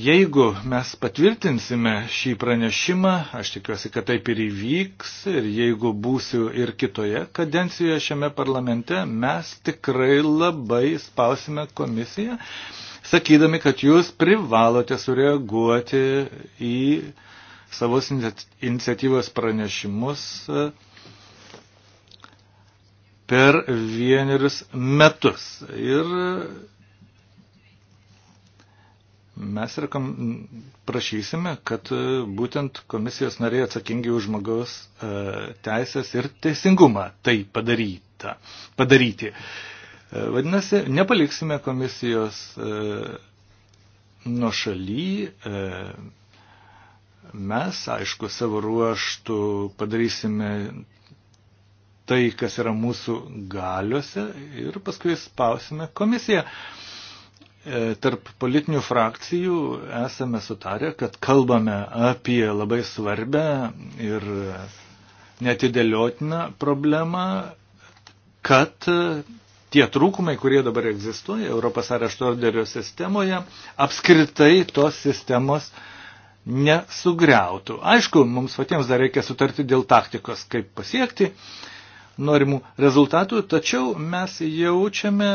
[SPEAKER 3] jeigu mes patvirtinsime šį pranešimą, aš tikiuosi, kad taip ir įvyks, ir jeigu būsiu ir kitoje kadencijoje šiame parlamente, mes tikrai labai spausime komisiją, sakydami, kad jūs privalote sureaguoti į savo iniciatyvos pranešimus e, per vienerius metus. Ir Mes rekom... prašysime, kad e, būtent komisijos nariai atsakingi už žmogaus e, teisės ir teisingumą tai padaryta, padaryti. E, vadinasi, nepaliksime komisijos nuo šaly. Mes, aišku, savo ruoštų padarysime tai, kas yra mūsų galiuose ir paskui spausime komisiją. E, E, tarp politinių frakcijų esame sutarę, kad kalbame apie labai svarbę ir netidėliotiną problemą, kad tie trūkumai, kurie dabar egzistuoja Europos arešto orderio sistemoje, apskritai tos sistemos nesugriautų. Aišku, mums patiems dar reikia sutarti dėl taktikos, kaip pasiekti norimų rezultatų, tačiau mes jaučiame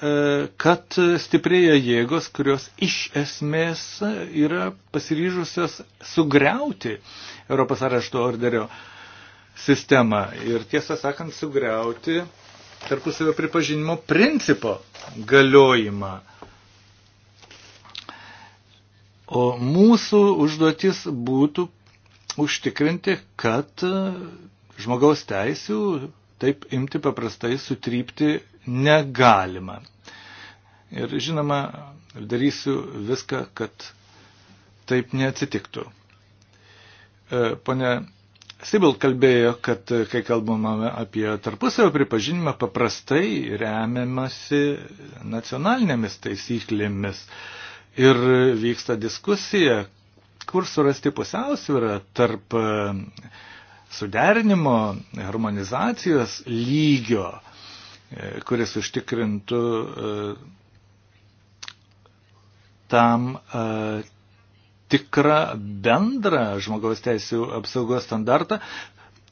[SPEAKER 3] E, kad stiprėja jėgos, kurios iš esmės yra pasiryžusios sugriauti Europos arešto orderio sistemą ir tiesą sakant sugriauti tarpusavio pripažinimo principo galiojimą. O mūsų užduotis būtų užtikrinti, kad žmogaus teisių taip imti paprastai sutrypti negalima. Ir žinoma, darysiu viską, kad taip neatsitiktų. E, pone Sibyl kalbėjo, kad e, kai kalbame apie tarpusavio pripažinimą, paprastai remiamasi nacionalinėmis taisyklėmis. Ir vyksta diskusija, kur surasti pusiausvyrą tarp e, suderinimo, harmonizacijos lygio, kuris užtikrintų tam e, tikrą bendrą žmogaus teisų apsaugos standartą.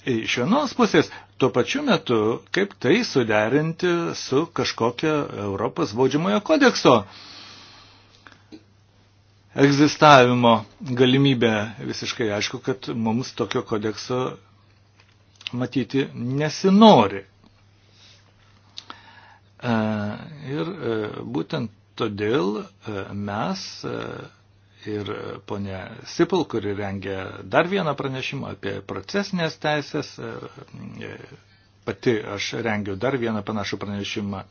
[SPEAKER 3] E, iš vienos pusės, tuo pačiu metu, kaip tai suderinti su kažkokia Europos baudžiamojo kodekso egzistavimo galimybė. Visiškai aišku, kad mums tokio kodekso matyti nesinori. E, ir e, būtent Todėl e, mes e, ir ponė Sipil, kuri rengia dar vieną pranešimą apie procesinės teisės, e, pati aš rengiu dar vieną panašų pranešimą,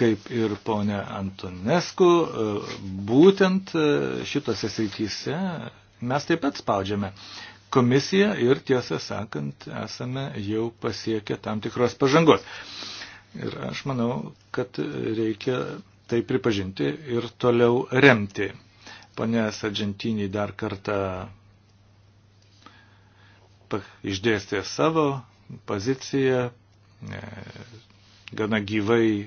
[SPEAKER 3] kaip ir ponė Antonesku, būtent šitose srityse mes taip pat spaudžiame komisiją ir tiesą sakant esame jau pasiekę tam tikros pažangos. Ir aš manau, kad reikia tai pripažinti ir toliau remti. Pane Sargentinį dar kartą išdėstė savo poziciją, e, gana gyvai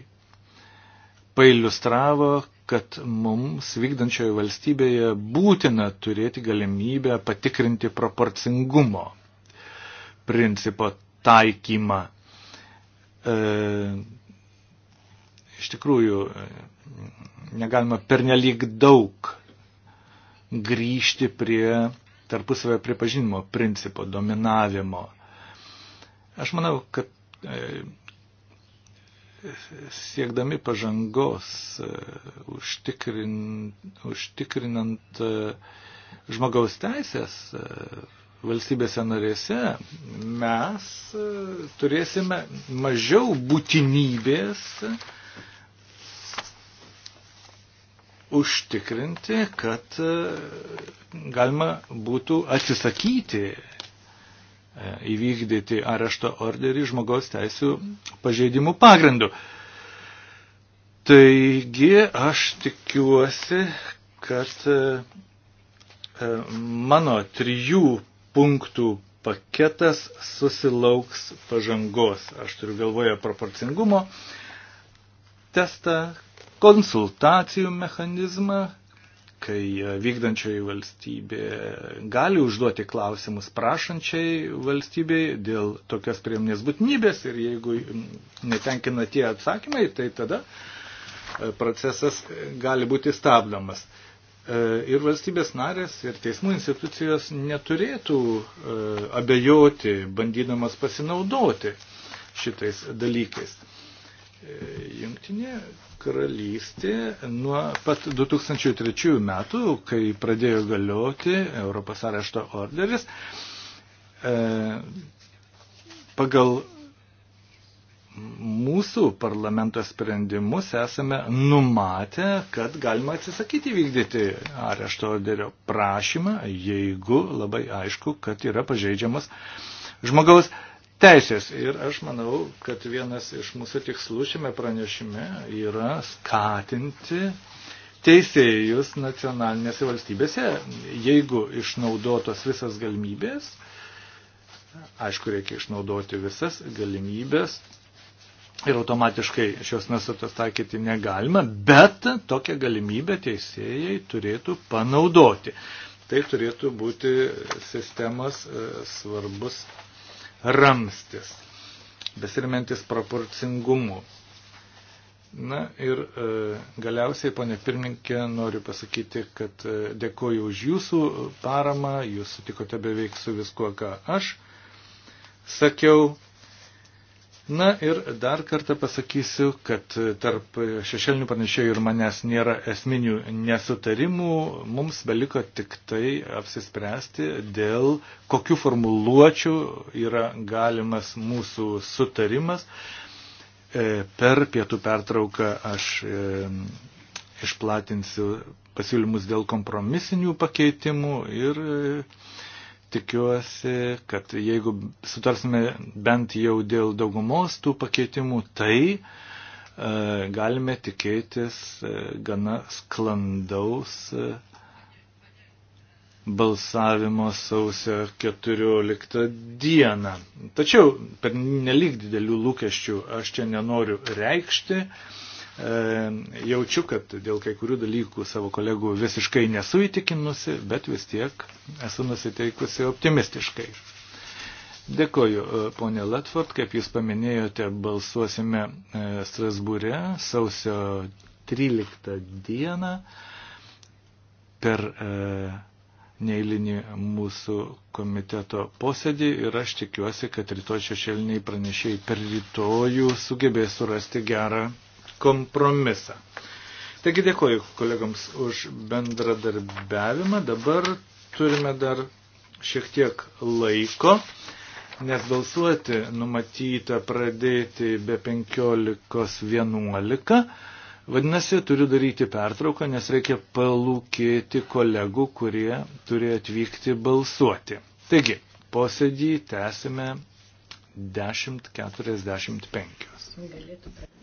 [SPEAKER 3] pailustravo, kad mums vykdančioje valstybėje būtina turėti galimybę patikrinti proporcingumo principo taikymą. E, iš tikrųjų e, negalima pernelyg daug grįžti prie tarpusavio pripažinimo principo, dominavimo. Aš manau, kad e, siekdami pažangos, užtikrin, užtikrinant žmogaus teisės, valstybėse narėse mes e, turėsime mažiau būtinybės užtikrinti, kad e, galima būtų atsisakyti e, įvykdyti arešto orderį žmogaus teisų pažeidimų pagrindu. Taigi aš tikiuosi, kad mano trijų punktų paketas susilauks pažangos. Aš turiu galvoje proporcingumo testą, konsultacijų mechanizmą, kai vykdančioji valstybė gali užduoti klausimus prašančiai valstybei dėl tokios priemonės būtinybės ir jeigu netenkina tie atsakymai, tai tada procesas gali būti stabdomas. E, ir valstybės narės, ir teismų institucijos neturėtų e, abejoti, bandydamas pasinaudoti šitais dalykais. E, Jungtinė karalystė nuo pat 2003 metų, kai pradėjo galioti Europos arešto orderis, pagal mūsų parlamento sprendimus esame numatę, kad galima atsisakyti vykdyti arešto orderio prašymą, jeigu labai aišku, kad yra pažeidžiamas žmogaus teisės. Ir aš manau, kad vienas iš mūsų tikslų šiame pranešime yra skatinti teisėjus nacionalinėse valstybėse, jeigu išnaudotos visas galimybės, aišku, reikia išnaudoti visas galimybės ir automatiškai šios nuostatos taikyti negalima, bet tokią galimybę teisėjai turėtų panaudoti. Tai turėtų būti sistemos e, svarbus ramstis, besirimentis proporcingumu. Na ir e, galiausiai, ponė pirmininkė, noriu pasakyti, kad e, dėkoju už jūsų paramą, jūs sutikote beveik su viskuo, ką aš sakiau Na ir dar kartą pasakysiu, kad tarp šešėlinių pranešėjų ir manęs nėra esminių nesutarimų, mums beliko tik tai apsispręsti dėl kokių formuluočių yra galimas mūsų sutarimas. E, per pietų pertrauką aš e, išplatinsiu pasiūlymus dėl kompromisinių pakeitimų ir e, tikiuosi, kad jeigu sutarsime bent jau dėl daugumos tų pakeitimų, tai e, galime tikėtis e, gana sklandaus e, balsavimo sausio 14 dieną. Tačiau per nelik didelių lūkesčių aš čia nenoriu reikšti. E, E, jaučiu, kad dėl kai kurių dalykų savo kolegų visiškai nesu įtikinusi, bet vis tiek esu nusiteikusi optimistiškai. Dėkoju, e, ponė Latford, kaip jūs paminėjote, balsuosime e, Strasbūre sausio 13 dieną per neįlinį mūsų komiteto posėdį ir aš tikiuosi, kad rytoj šešėliniai pranešiai per rytojų sugebės surasti gerą kompromisą. Taigi dėkoju kolegams už bendradarbiavimą. Dabar turime dar šiek tiek laiko, nes balsuoti numatyta pradėti be 15.11. Vadinasi, turiu daryti pertrauką, nes reikia palūkėti kolegų, kurie turi atvykti balsuoti. Taigi, posėdį tęsime 10.45.
[SPEAKER 2] Galėtų pradėti.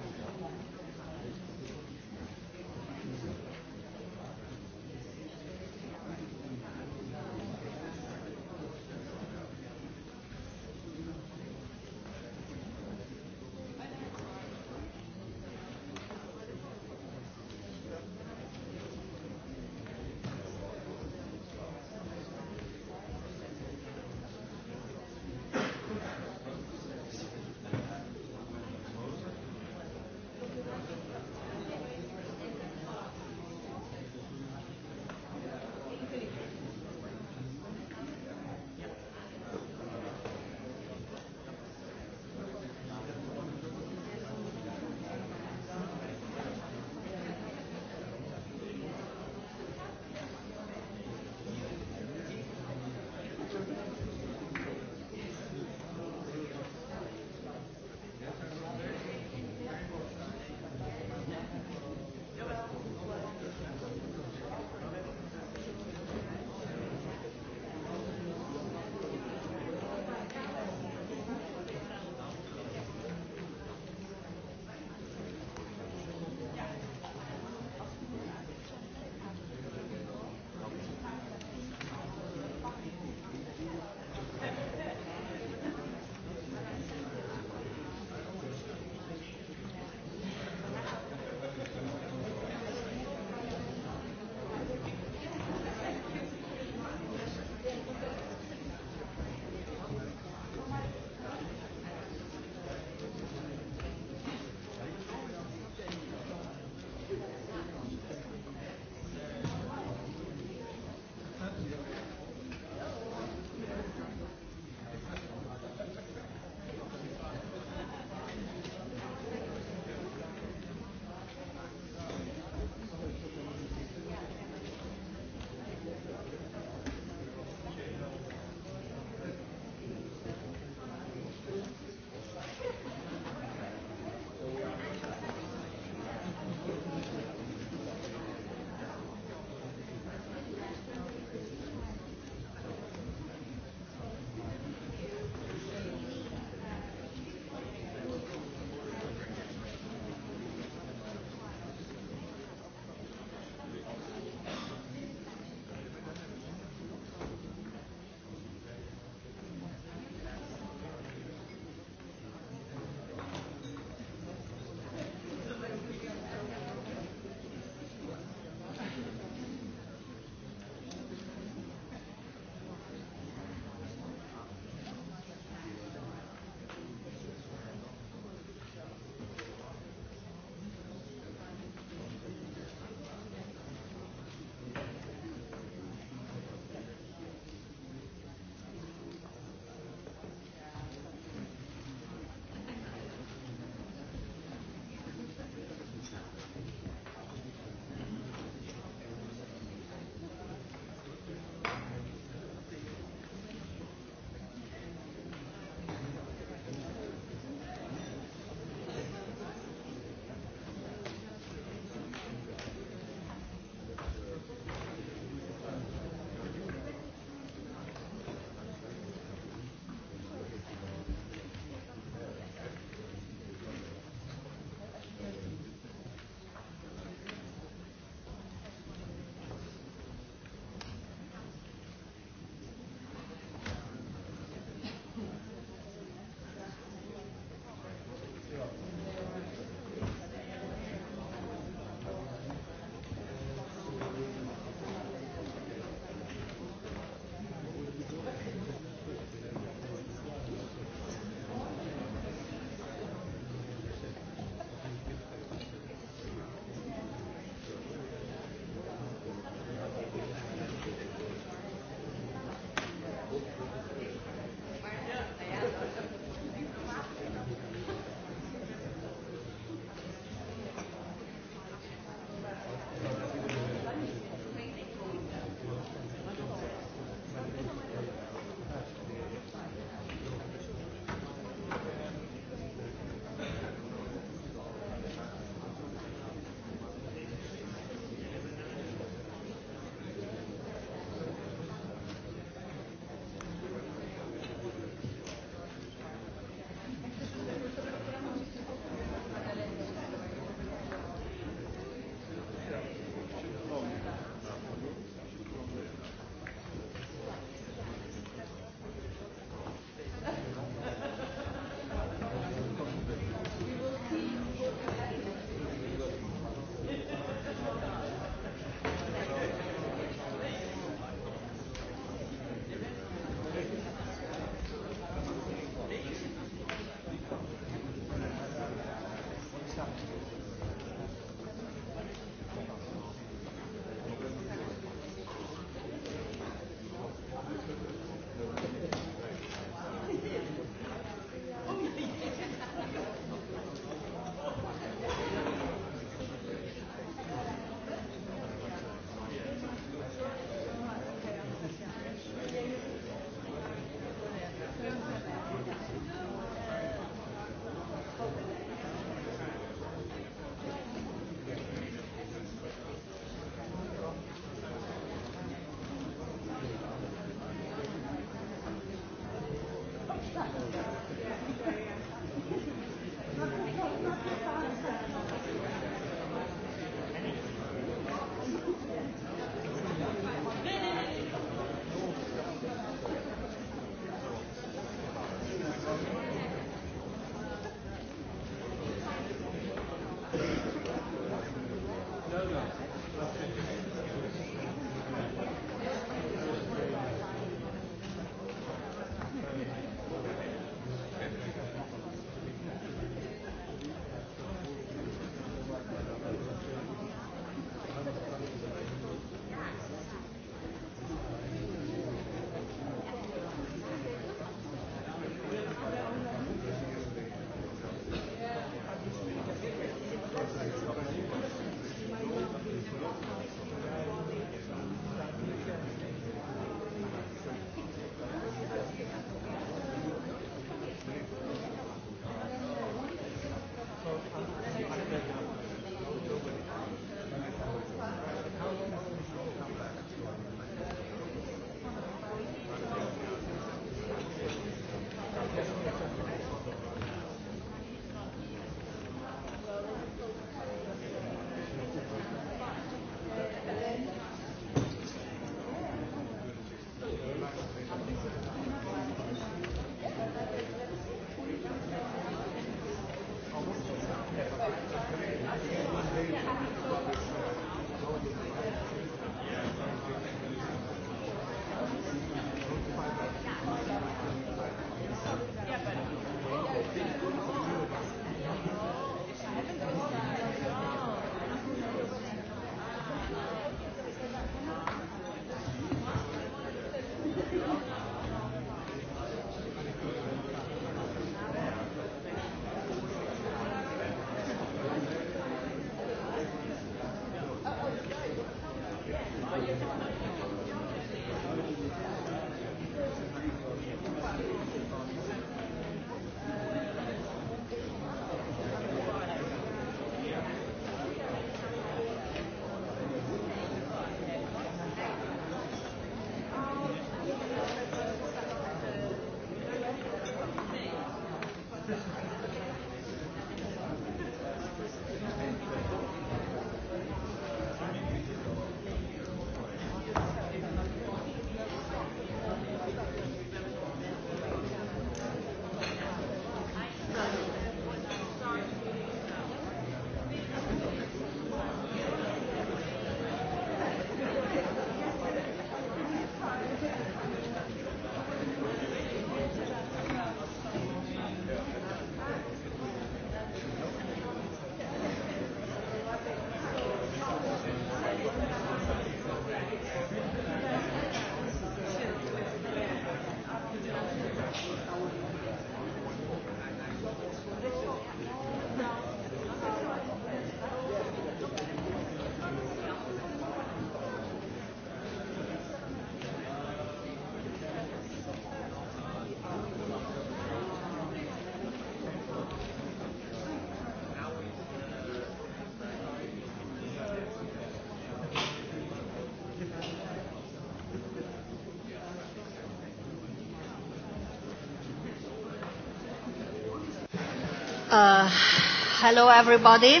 [SPEAKER 4] Hello everybody.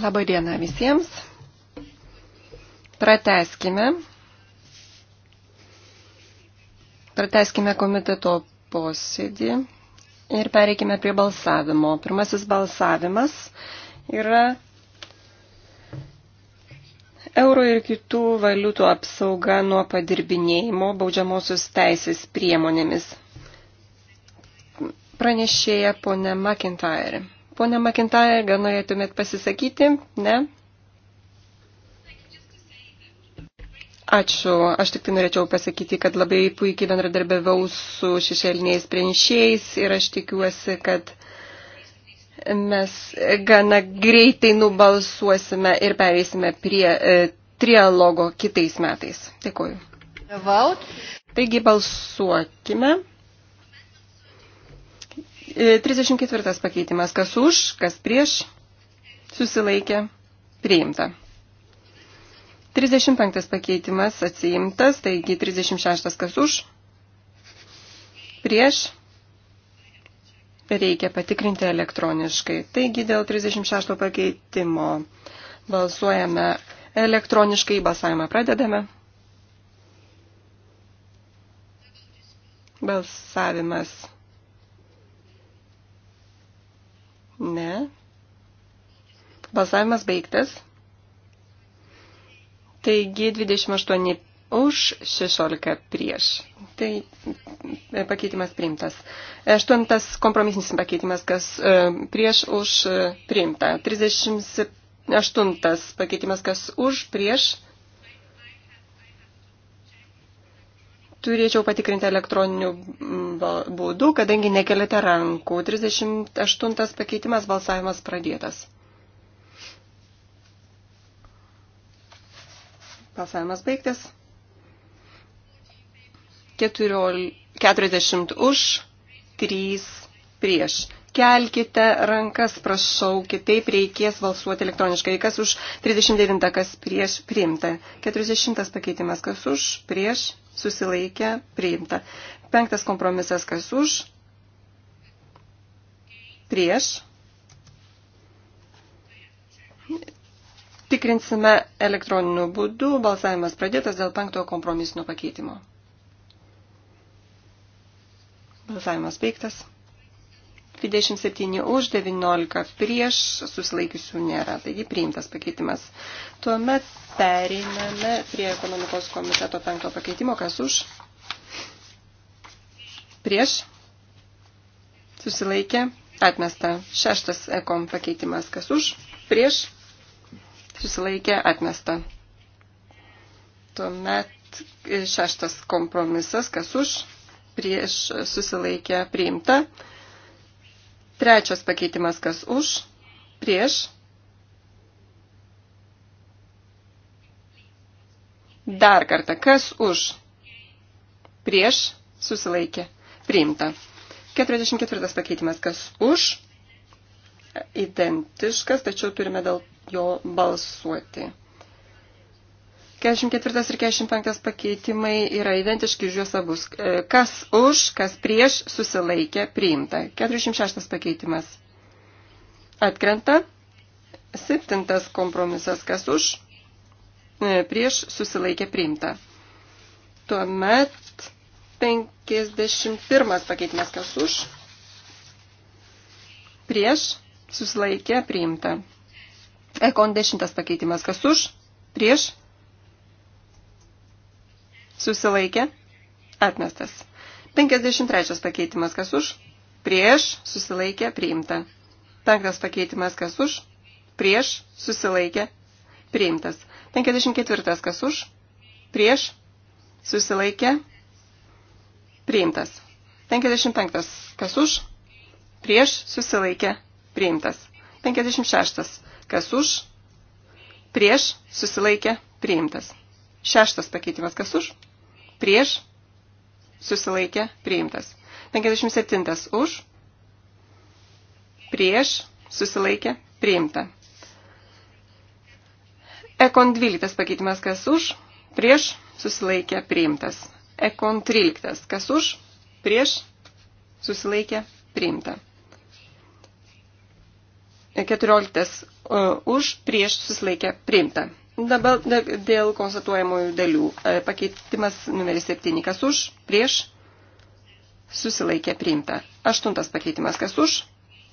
[SPEAKER 4] Labai diena visiems. Prateskime. Prateskime komiteto posėdį ir pereikime prie balsavimo. Pirmasis balsavimas yra euro ir kitų valiutų apsauga nuo padirbinėjimo baudžiamosios teisės priemonėmis. Pranešėja ponė McIntyre. Pone Makintaja, gal norėtumėt pasisakyti? Ne? Ačiū. Aš tik tai norėčiau pasakyti, kad labai puikiai bendradarbiavau su šešėliniais prinšiais ir aš tikiuosi, kad mes gana greitai nubalsuosime ir pereisime prie e, trialogo kitais metais. Dėkuoju. Taigi balsuokime. 34 pakeitimas. Kas už, kas prieš, susilaikė, priimta. 35 pakeitimas atsiimtas, taigi 36 kas už, prieš, reikia patikrinti elektroniškai. Taigi dėl 36 pakeitimo balsuojame elektroniškai, balsavimą pradedame. Balsavimas Ne. Balsavimas baigtas. Taigi 28 už, 16 prieš. Tai e, pakeitimas priimtas. Aštuntas kompromisinis pakeitimas, kas e, prieš už e, priimta. 38 pakeitimas, kas už prieš turėčiau patikrinti elektroniniu mm, būdu, kadangi nekeliate rankų. 38 pakeitimas balsavimas pradėtas. Balsavimas baigtas. 40 už, 3 prieš kelkite rankas, prašau, kitaip reikės balsuoti elektroniškai. Kas už 39, kas prieš priimta. 40 pakeitimas, kas už, prieš, susilaikę, priimta. Penktas kompromisas, kas už, prieš. Tikrinsime elektroniniu būdu. Balsavimas pradėtas dėl penktojo kompromisinio pakeitimo. Balsavimas baigtas. 27 už, 19 prieš, susilaikiusių nėra. Taigi priimtas pakeitimas. Tuomet pereiname prie ekonomikos komiteto penkto pakeitimo. Kas už? Prieš? Susilaikė? Atmesta. Šeštas ekom pakeitimas. Kas už? Prieš? Susilaikė? Atmesta. Tuomet šeštas kompromisas. Kas už? Prieš susilaikė priimta. Trečias pakeitimas kas už, prieš. Dar kartą, kas už, prieš, susilaikė, priimta. 44 pakeitimas kas už, identiškas, tačiau turime dėl jo balsuoti. 44 ir 45 pakeitimai yra identiški už juos abus. E, kas už, kas prieš susilaikė priimta. 46 pakeitimas atkrenta. Septintas kompromisas, kas už, e, prieš susilaikė priimta. Tuomet 51 pakeitimas, kas už, prieš susilaikė priimta. Ekon 10 pakeitimas, kas už, prieš susilaikė, atmestas. 53 pakeitimas kas už, prieš, susilaikė, priimta. Penktas pakeitimas kas už, prieš, susilaikė, priimtas. 54 kas už, prieš, susilaikė, priimtas. 55 kas už, prieš, susilaikė, priimtas. 56 kas už, prieš, susilaikė, priimtas. Šeštas pakeitimas kas už, prieš, susilaikė, priimtas. 57 už, prieš, susilaikė, priimta. Ekon 12 pakeitimas, kas už, prieš, susilaikė, priimtas. Ekon 13, kas už, prieš, susilaikė, priimta. 14 e, už, prieš, susilaikė, priimta. Dabar dėl konstatuojamųjų dalių. E, pakeitimas numeris 7. Kas už? Prieš? Susilaikė priimta. Aštuntas pakeitimas. Kas už?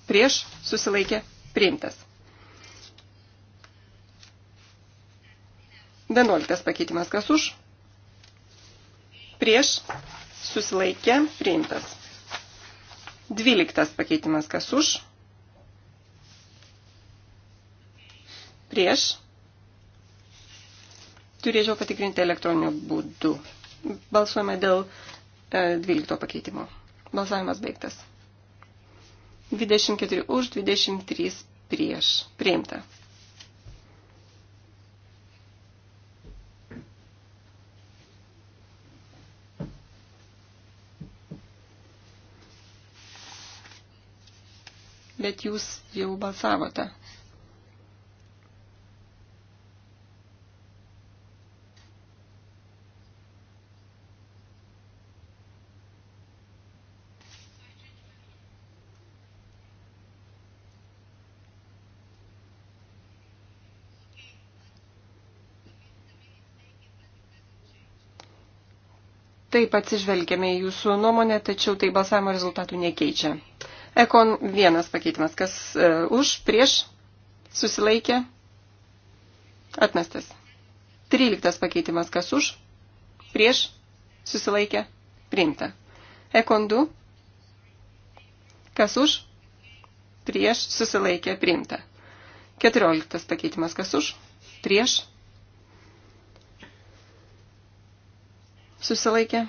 [SPEAKER 4] Prieš? Susilaikė priimtas. Vienuoliktas pakeitimas. Kas už? Prieš? Susilaikė priimtas. Dvyliktas pakeitimas. Kas už? Prieš? turėčiau patikrinti elektroniniu būdu. Balsuojame dėl e, 12 pakeitimo. Balsavimas baigtas. 24 už, 23 prieš. Priimta. Bet jūs jau balsavote. Taip atsižvelgėme į jūsų nuomonę, tačiau tai balsavimo rezultatų nekeičia. Ekon vienas pakeitimas, kas uh, už, prieš, susilaikė, atmestas. Tryliktas pakeitimas, kas už, prieš, susilaikė, priimta. Ekon 2, kas už, prieš, susilaikė, priimta. Keturioliktas pakeitimas, kas už, prieš, Susilaikė.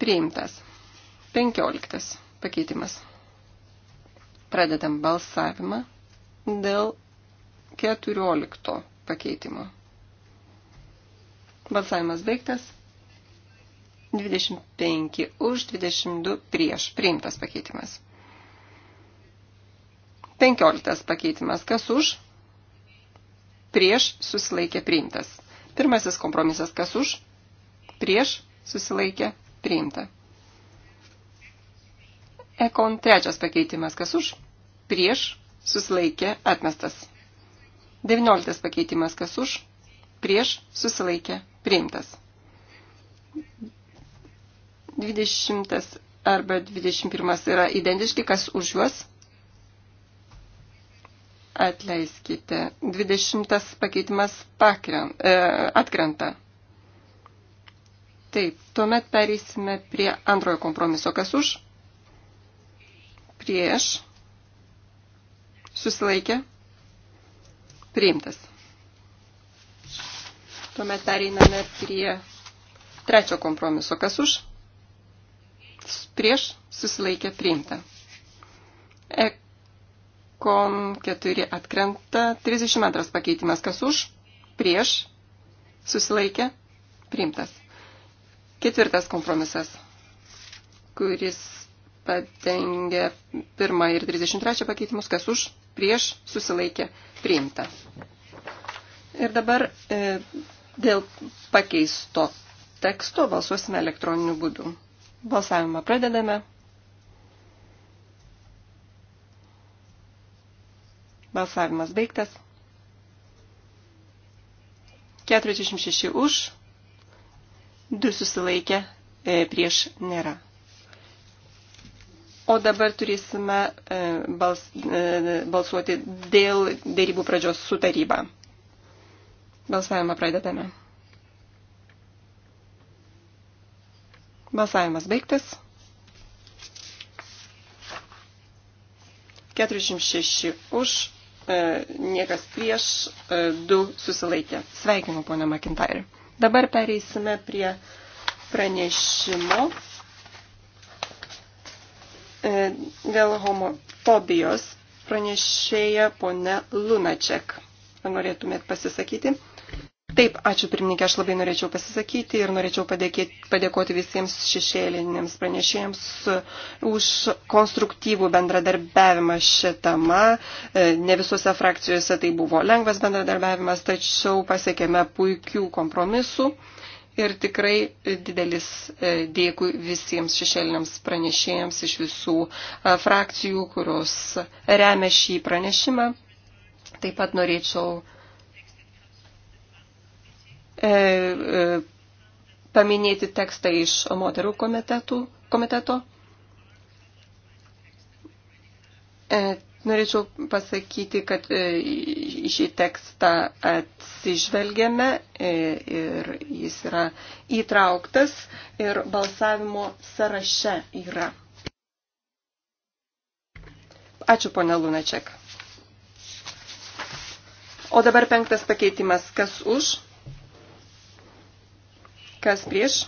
[SPEAKER 4] Priimtas. 15. Pakeitimas. Pradedam balsavimą dėl 14 pakeitimo. Balsavimas baigtas. 25 už, 22 prieš. Priimtas pakeitimas. 15 pakeitimas. Kas už? Prieš susilaikė priimtas. Pirmasis kompromisas. Kas už? prieš susilaikė priimta. Ekon trečias pakeitimas, kas už, prieš susilaikė atmestas. Devynioliktas pakeitimas, kas už, prieš susilaikė priimtas. Dvidešimtas arba dvidešimt pirmas yra identiški, kas už juos. Atleiskite. Dvidešimtas pakeitimas pakren, e, atkrenta. Taip, tuomet pereisime prie antrojo kompromiso. Kas už? Prieš. Susilaikė. Priimtas. Tuomet pereiname prie trečio kompromiso. Kas už? Prieš. Susilaikė. Priimta. Ekon 4 atkrenta. 32 pakeitimas. Kas už? Prieš. Susilaikė. Priimtas. Ketvirtas kompromisas, kuris padengia pirmą ir 33 pakeitimus, kas už, prieš, susilaikė, priimta. Ir dabar e, dėl pakeisto teksto balsuosime elektroniniu būdu. Balsavimą pradedame. Balsavimas baigtas. 46 už, du susilaikė, e, prieš nėra. O dabar turėsime e, bals, e, balsuoti dėl dėrybų pradžios su taryba. Balsavimą pradedame. Balsavimas baigtas. 46 už, niekas prieš, du susilaikė. Sveikinu, ponia McIntyre. Dabar pereisime prie pranešimo e, dėl homofobijos pranešėja pone Lunaček. Norėtumėt pasisakyti? Taip, ačiū pirmininkė, aš labai norėčiau pasisakyti ir norėčiau padėkėti, padėkoti visiems šešėlinėms pranešėjams už konstruktyvų bendradarbiavimą šią temą. E, ne visose frakcijose tai buvo lengvas bendradarbiavimas, tačiau pasiekėme puikių kompromisų. Ir tikrai didelis e, dėkui visiems šešėliniams pranešėjams iš visų e, frakcijų, kurios remia šį pranešimą. Taip pat norėčiau E, e, paminėti tekstą iš moterų komitetų, komiteto. E, norėčiau pasakyti, kad šį tekstą atsižvelgiame ir jis yra įtrauktas ir balsavimo sąraše yra. Ačiū, ponė Lunaček. O dabar penktas pakeitimas. Kas už? Kas prieš?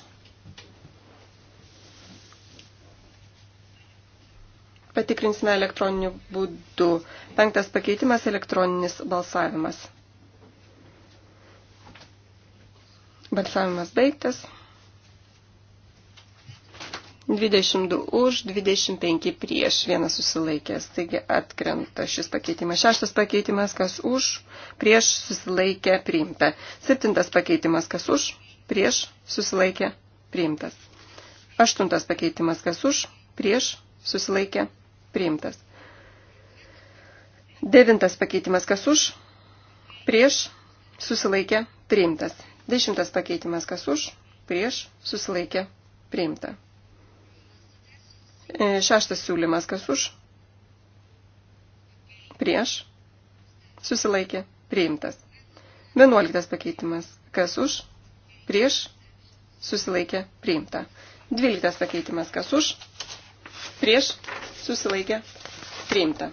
[SPEAKER 4] Patikrinsime elektroniniu būdu. Penktas pakeitimas – elektroninis balsavimas. Balsavimas baigtas. 22 už, 25 prieš, vienas susilaikęs, taigi atkrenta šis pakeitimas. Šeštas pakeitimas, kas už, prieš susilaikė priimta. Septintas pakeitimas, kas už, prieš, susilaikė, priimtas. Aštuntas pakeitimas, kas už, prieš, susilaikė, priimtas. Devintas pakeitimas, kas už, prieš, susilaikė, priimtas. Dešimtas pakeitimas, kas už, prieš, susilaikė, priimta. E, šeštas siūlymas, kas už, prieš, susilaikė, priimtas. Vienuoliktas pakeitimas, kas už, prieš, susilaikė, priimta. Dvyliktas pakeitimas, kas už, prieš, susilaikė, priimta.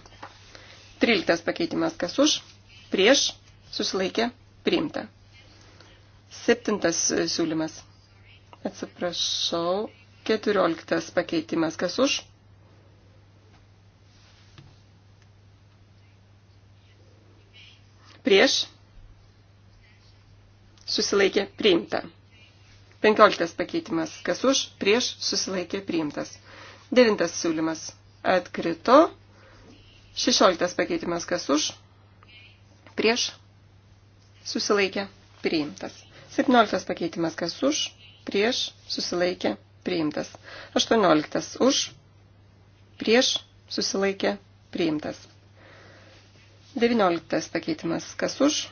[SPEAKER 4] Tryliktas pakeitimas, kas už, prieš, susilaikė, priimta. Septintas e, siūlymas. Atsiprašau, keturioliktas pakeitimas, kas už, prieš, susilaikė priimta. 15 pakeitimas. Kas už, prieš, susilaikė priimtas. 9 siūlymas. Atkrito. 16 pakeitimas. Kas už, prieš, susilaikė priimtas. 17 pakeitimas. Kas už, prieš, susilaikė priimtas. 18 už, prieš, susilaikė priimtas. 19 pakeitimas. Kas už,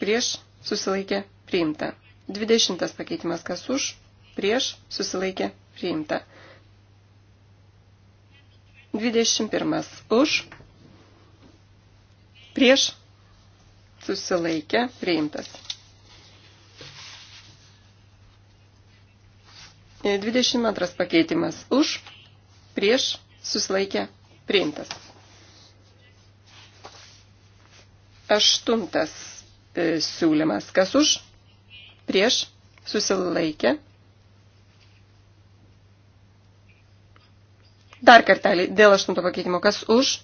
[SPEAKER 4] prieš, susilaikė priimta. 20 pakeitimas kas už, prieš susilaikė priimta. 21 už, prieš susilaikė priimtas. 22 pakeitimas už, prieš susilaikė priimtas. Aštuntas E, siūlymas. Kas už? Prieš? Susilaikė? Dar kartelį, dėl aštunto pakeitimo, kas už?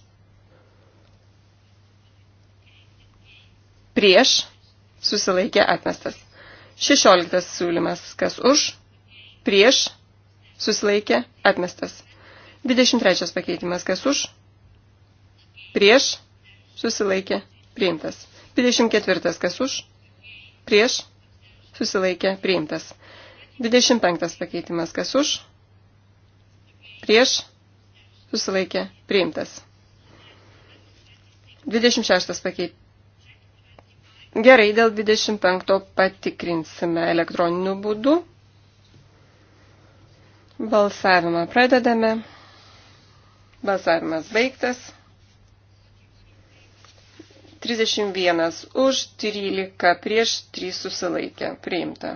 [SPEAKER 4] Prieš? Susilaikė atmestas. Šešioliktas siūlymas, kas už? Prieš? Susilaikė atmestas. Dvidešimt trečias pakeitimas, kas už? Prieš? Susilaikė priimtas. 24. Kas už? Prieš? Susilaikė. Priimtas. 25. Pakeitimas. Kas už? Prieš? Susilaikė. Priimtas. 26. Pakeitimas. Gerai, dėl 25 patikrinsime elektroniniu būdu. Balsavimą pradedame. Balsavimas baigtas. 31 už, 13 prieš, 3 susilaikė. Priimta.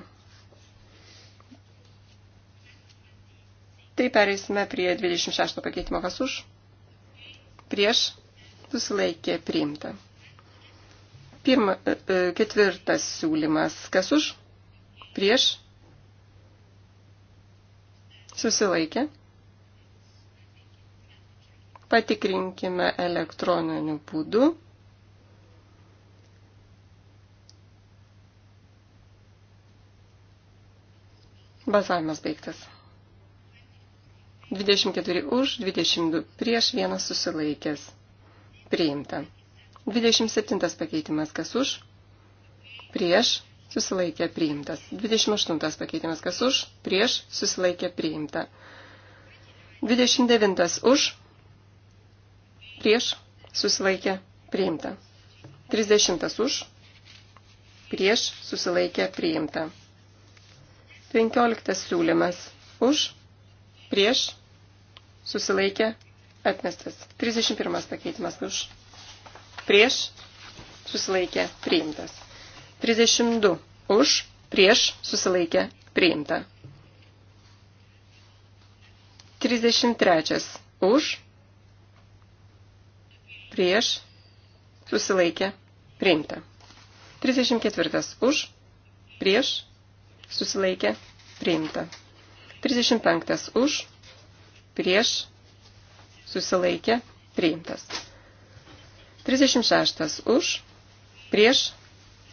[SPEAKER 4] Tai pereisime prie 26 pakeitimo kas už. Prieš susilaikė priimta. Pirma, e, e, ketvirtas siūlymas kas už. Prieš susilaikė. Patikrinkime elektroniniu būdu. Balsavimas baigtas. 24 už, 22 prieš, vienas susilaikęs. Priimta. 27 pakeitimas kas už, prieš, susilaikė priimtas. 28 pakeitimas kas už, prieš, susilaikė priimta. 29 už, prieš, susilaikė priimta. 30 už, prieš, susilaikė priimta. Penkioliktas siūlymas. Už, prieš, susilaikė, atmestas. 31 pakeitimas. Už, prieš, susilaikė, priimtas. 32. Už, prieš, susilaikė, priimta. 33. Už, prieš, susilaikė, priimta. 34. Už, prieš, susilaikė, priimta. 35 už, prieš, susilaikė, priimtas. 36 už, prieš,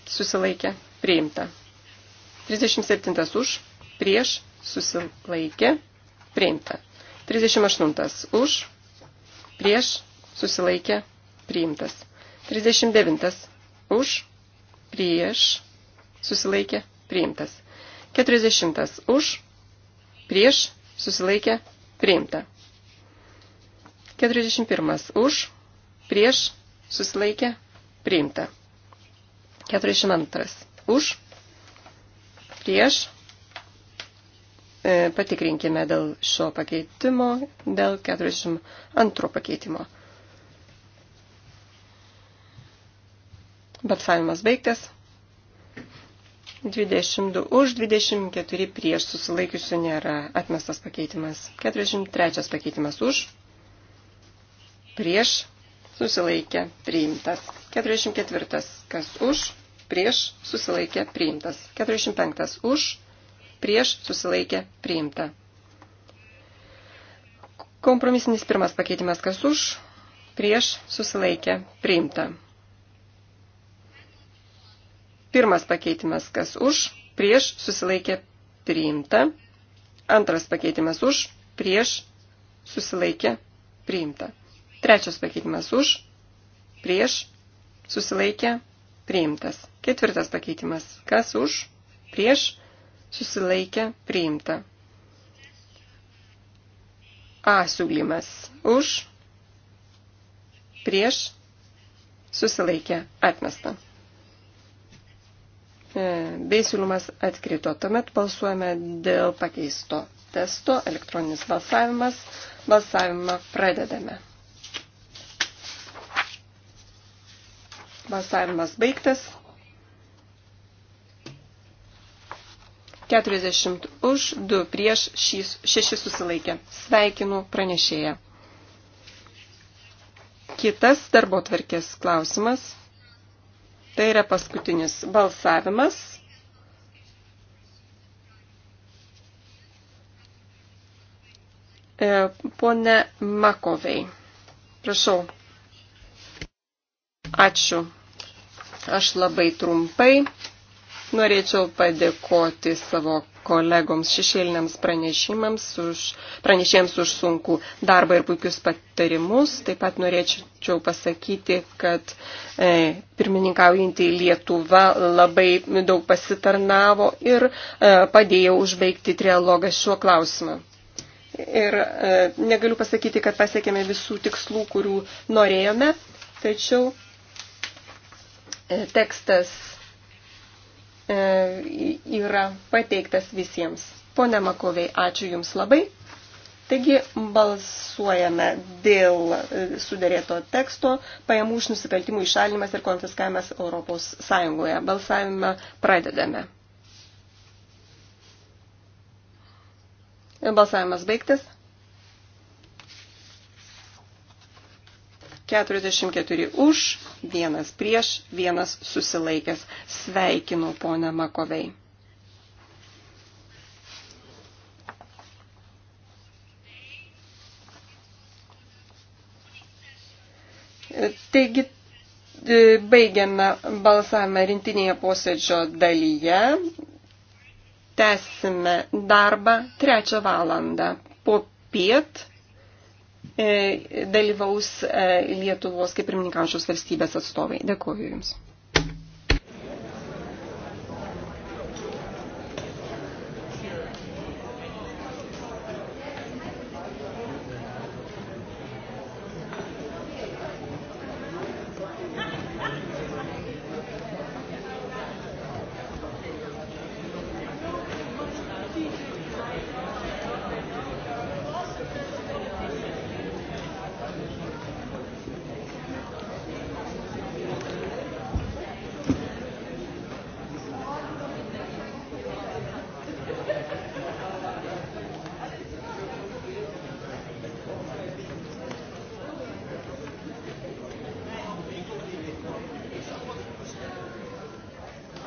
[SPEAKER 4] susilaikė, priimta. 37 už, prieš, susilaikė, priimta. 38 už, prieš, susilaikė, priimtas. 39 už, prieš, susilaikė, priimtas. 40. Už, prieš, susilaikė, priimta. 41. Už, prieš, susilaikė, priimta. 42. Už, prieš, e, patikrinkime dėl šio pakeitimo, dėl 42 pakeitimo. Balsavimas baigtas. 22 už, 24 prieš susilaikiusių nėra atmestas pakeitimas. 43 pakeitimas už, prieš susilaikė priimtas. 44 kas už, prieš susilaikė priimtas. 45 už, prieš susilaikė priimta. Kompromisinis pirmas pakeitimas kas už, prieš susilaikė priimta. Pirmas pakeitimas, kas už, prieš, susilaikė, priimta. Antras pakeitimas už, prieš, susilaikė, priimta. Trečias pakeitimas už, prieš, susilaikė, priimtas. Ketvirtas pakeitimas, kas už, prieš, susilaikė, priimta. A siūlymas už, prieš, susilaikė, atmesta. E, bei siūlymas atkrito. Tuomet balsuojame dėl pakeisto testo, elektroninis balsavimas. Balsavimą pradedame. Balsavimas baigtas. 40 už, 2 prieš, 6 susilaikė. Sveikinu pranešėją. Kitas darbo tvarkės klausimas. Tai yra paskutinis balsavimas. E, pone Makovei, prašau. Ačiū. Aš labai trumpai. Norėčiau padėkoti savo kolegoms šešėliniams pranešimams už, pranešėjams už sunkų darbą ir puikius patarimus. Taip pat norėčiau pasakyti, kad e, pirmininkaujantį Lietuvą labai daug pasitarnavo ir e, padėjo užbaigti trialogą šiuo klausimu. Ir e, negaliu pasakyti, kad pasiekėme visų tikslų, kurių norėjome, tačiau e, tekstas E, yra pateiktas visiems. Pone Makoviai, ačiū Jums labai. Taigi balsuojame dėl e, sudarėto teksto pajamų už nusikaltimų išalinimas ir konfiskavimas Europos Sąjungoje. Balsavimą pradedame. Balsavimas baigtas. 44 už, vienas prieš, vienas susilaikęs. Sveikinu ponę Makovei. Taigi, e, baigiame balsavimą rintinėje posėdžio dalyje. Tęsime darbą trečią valandą po piet. E, dalyvaus e, Lietuvos kaip pirmininkaujančios valstybės atstovai. Dėkuoju Jums.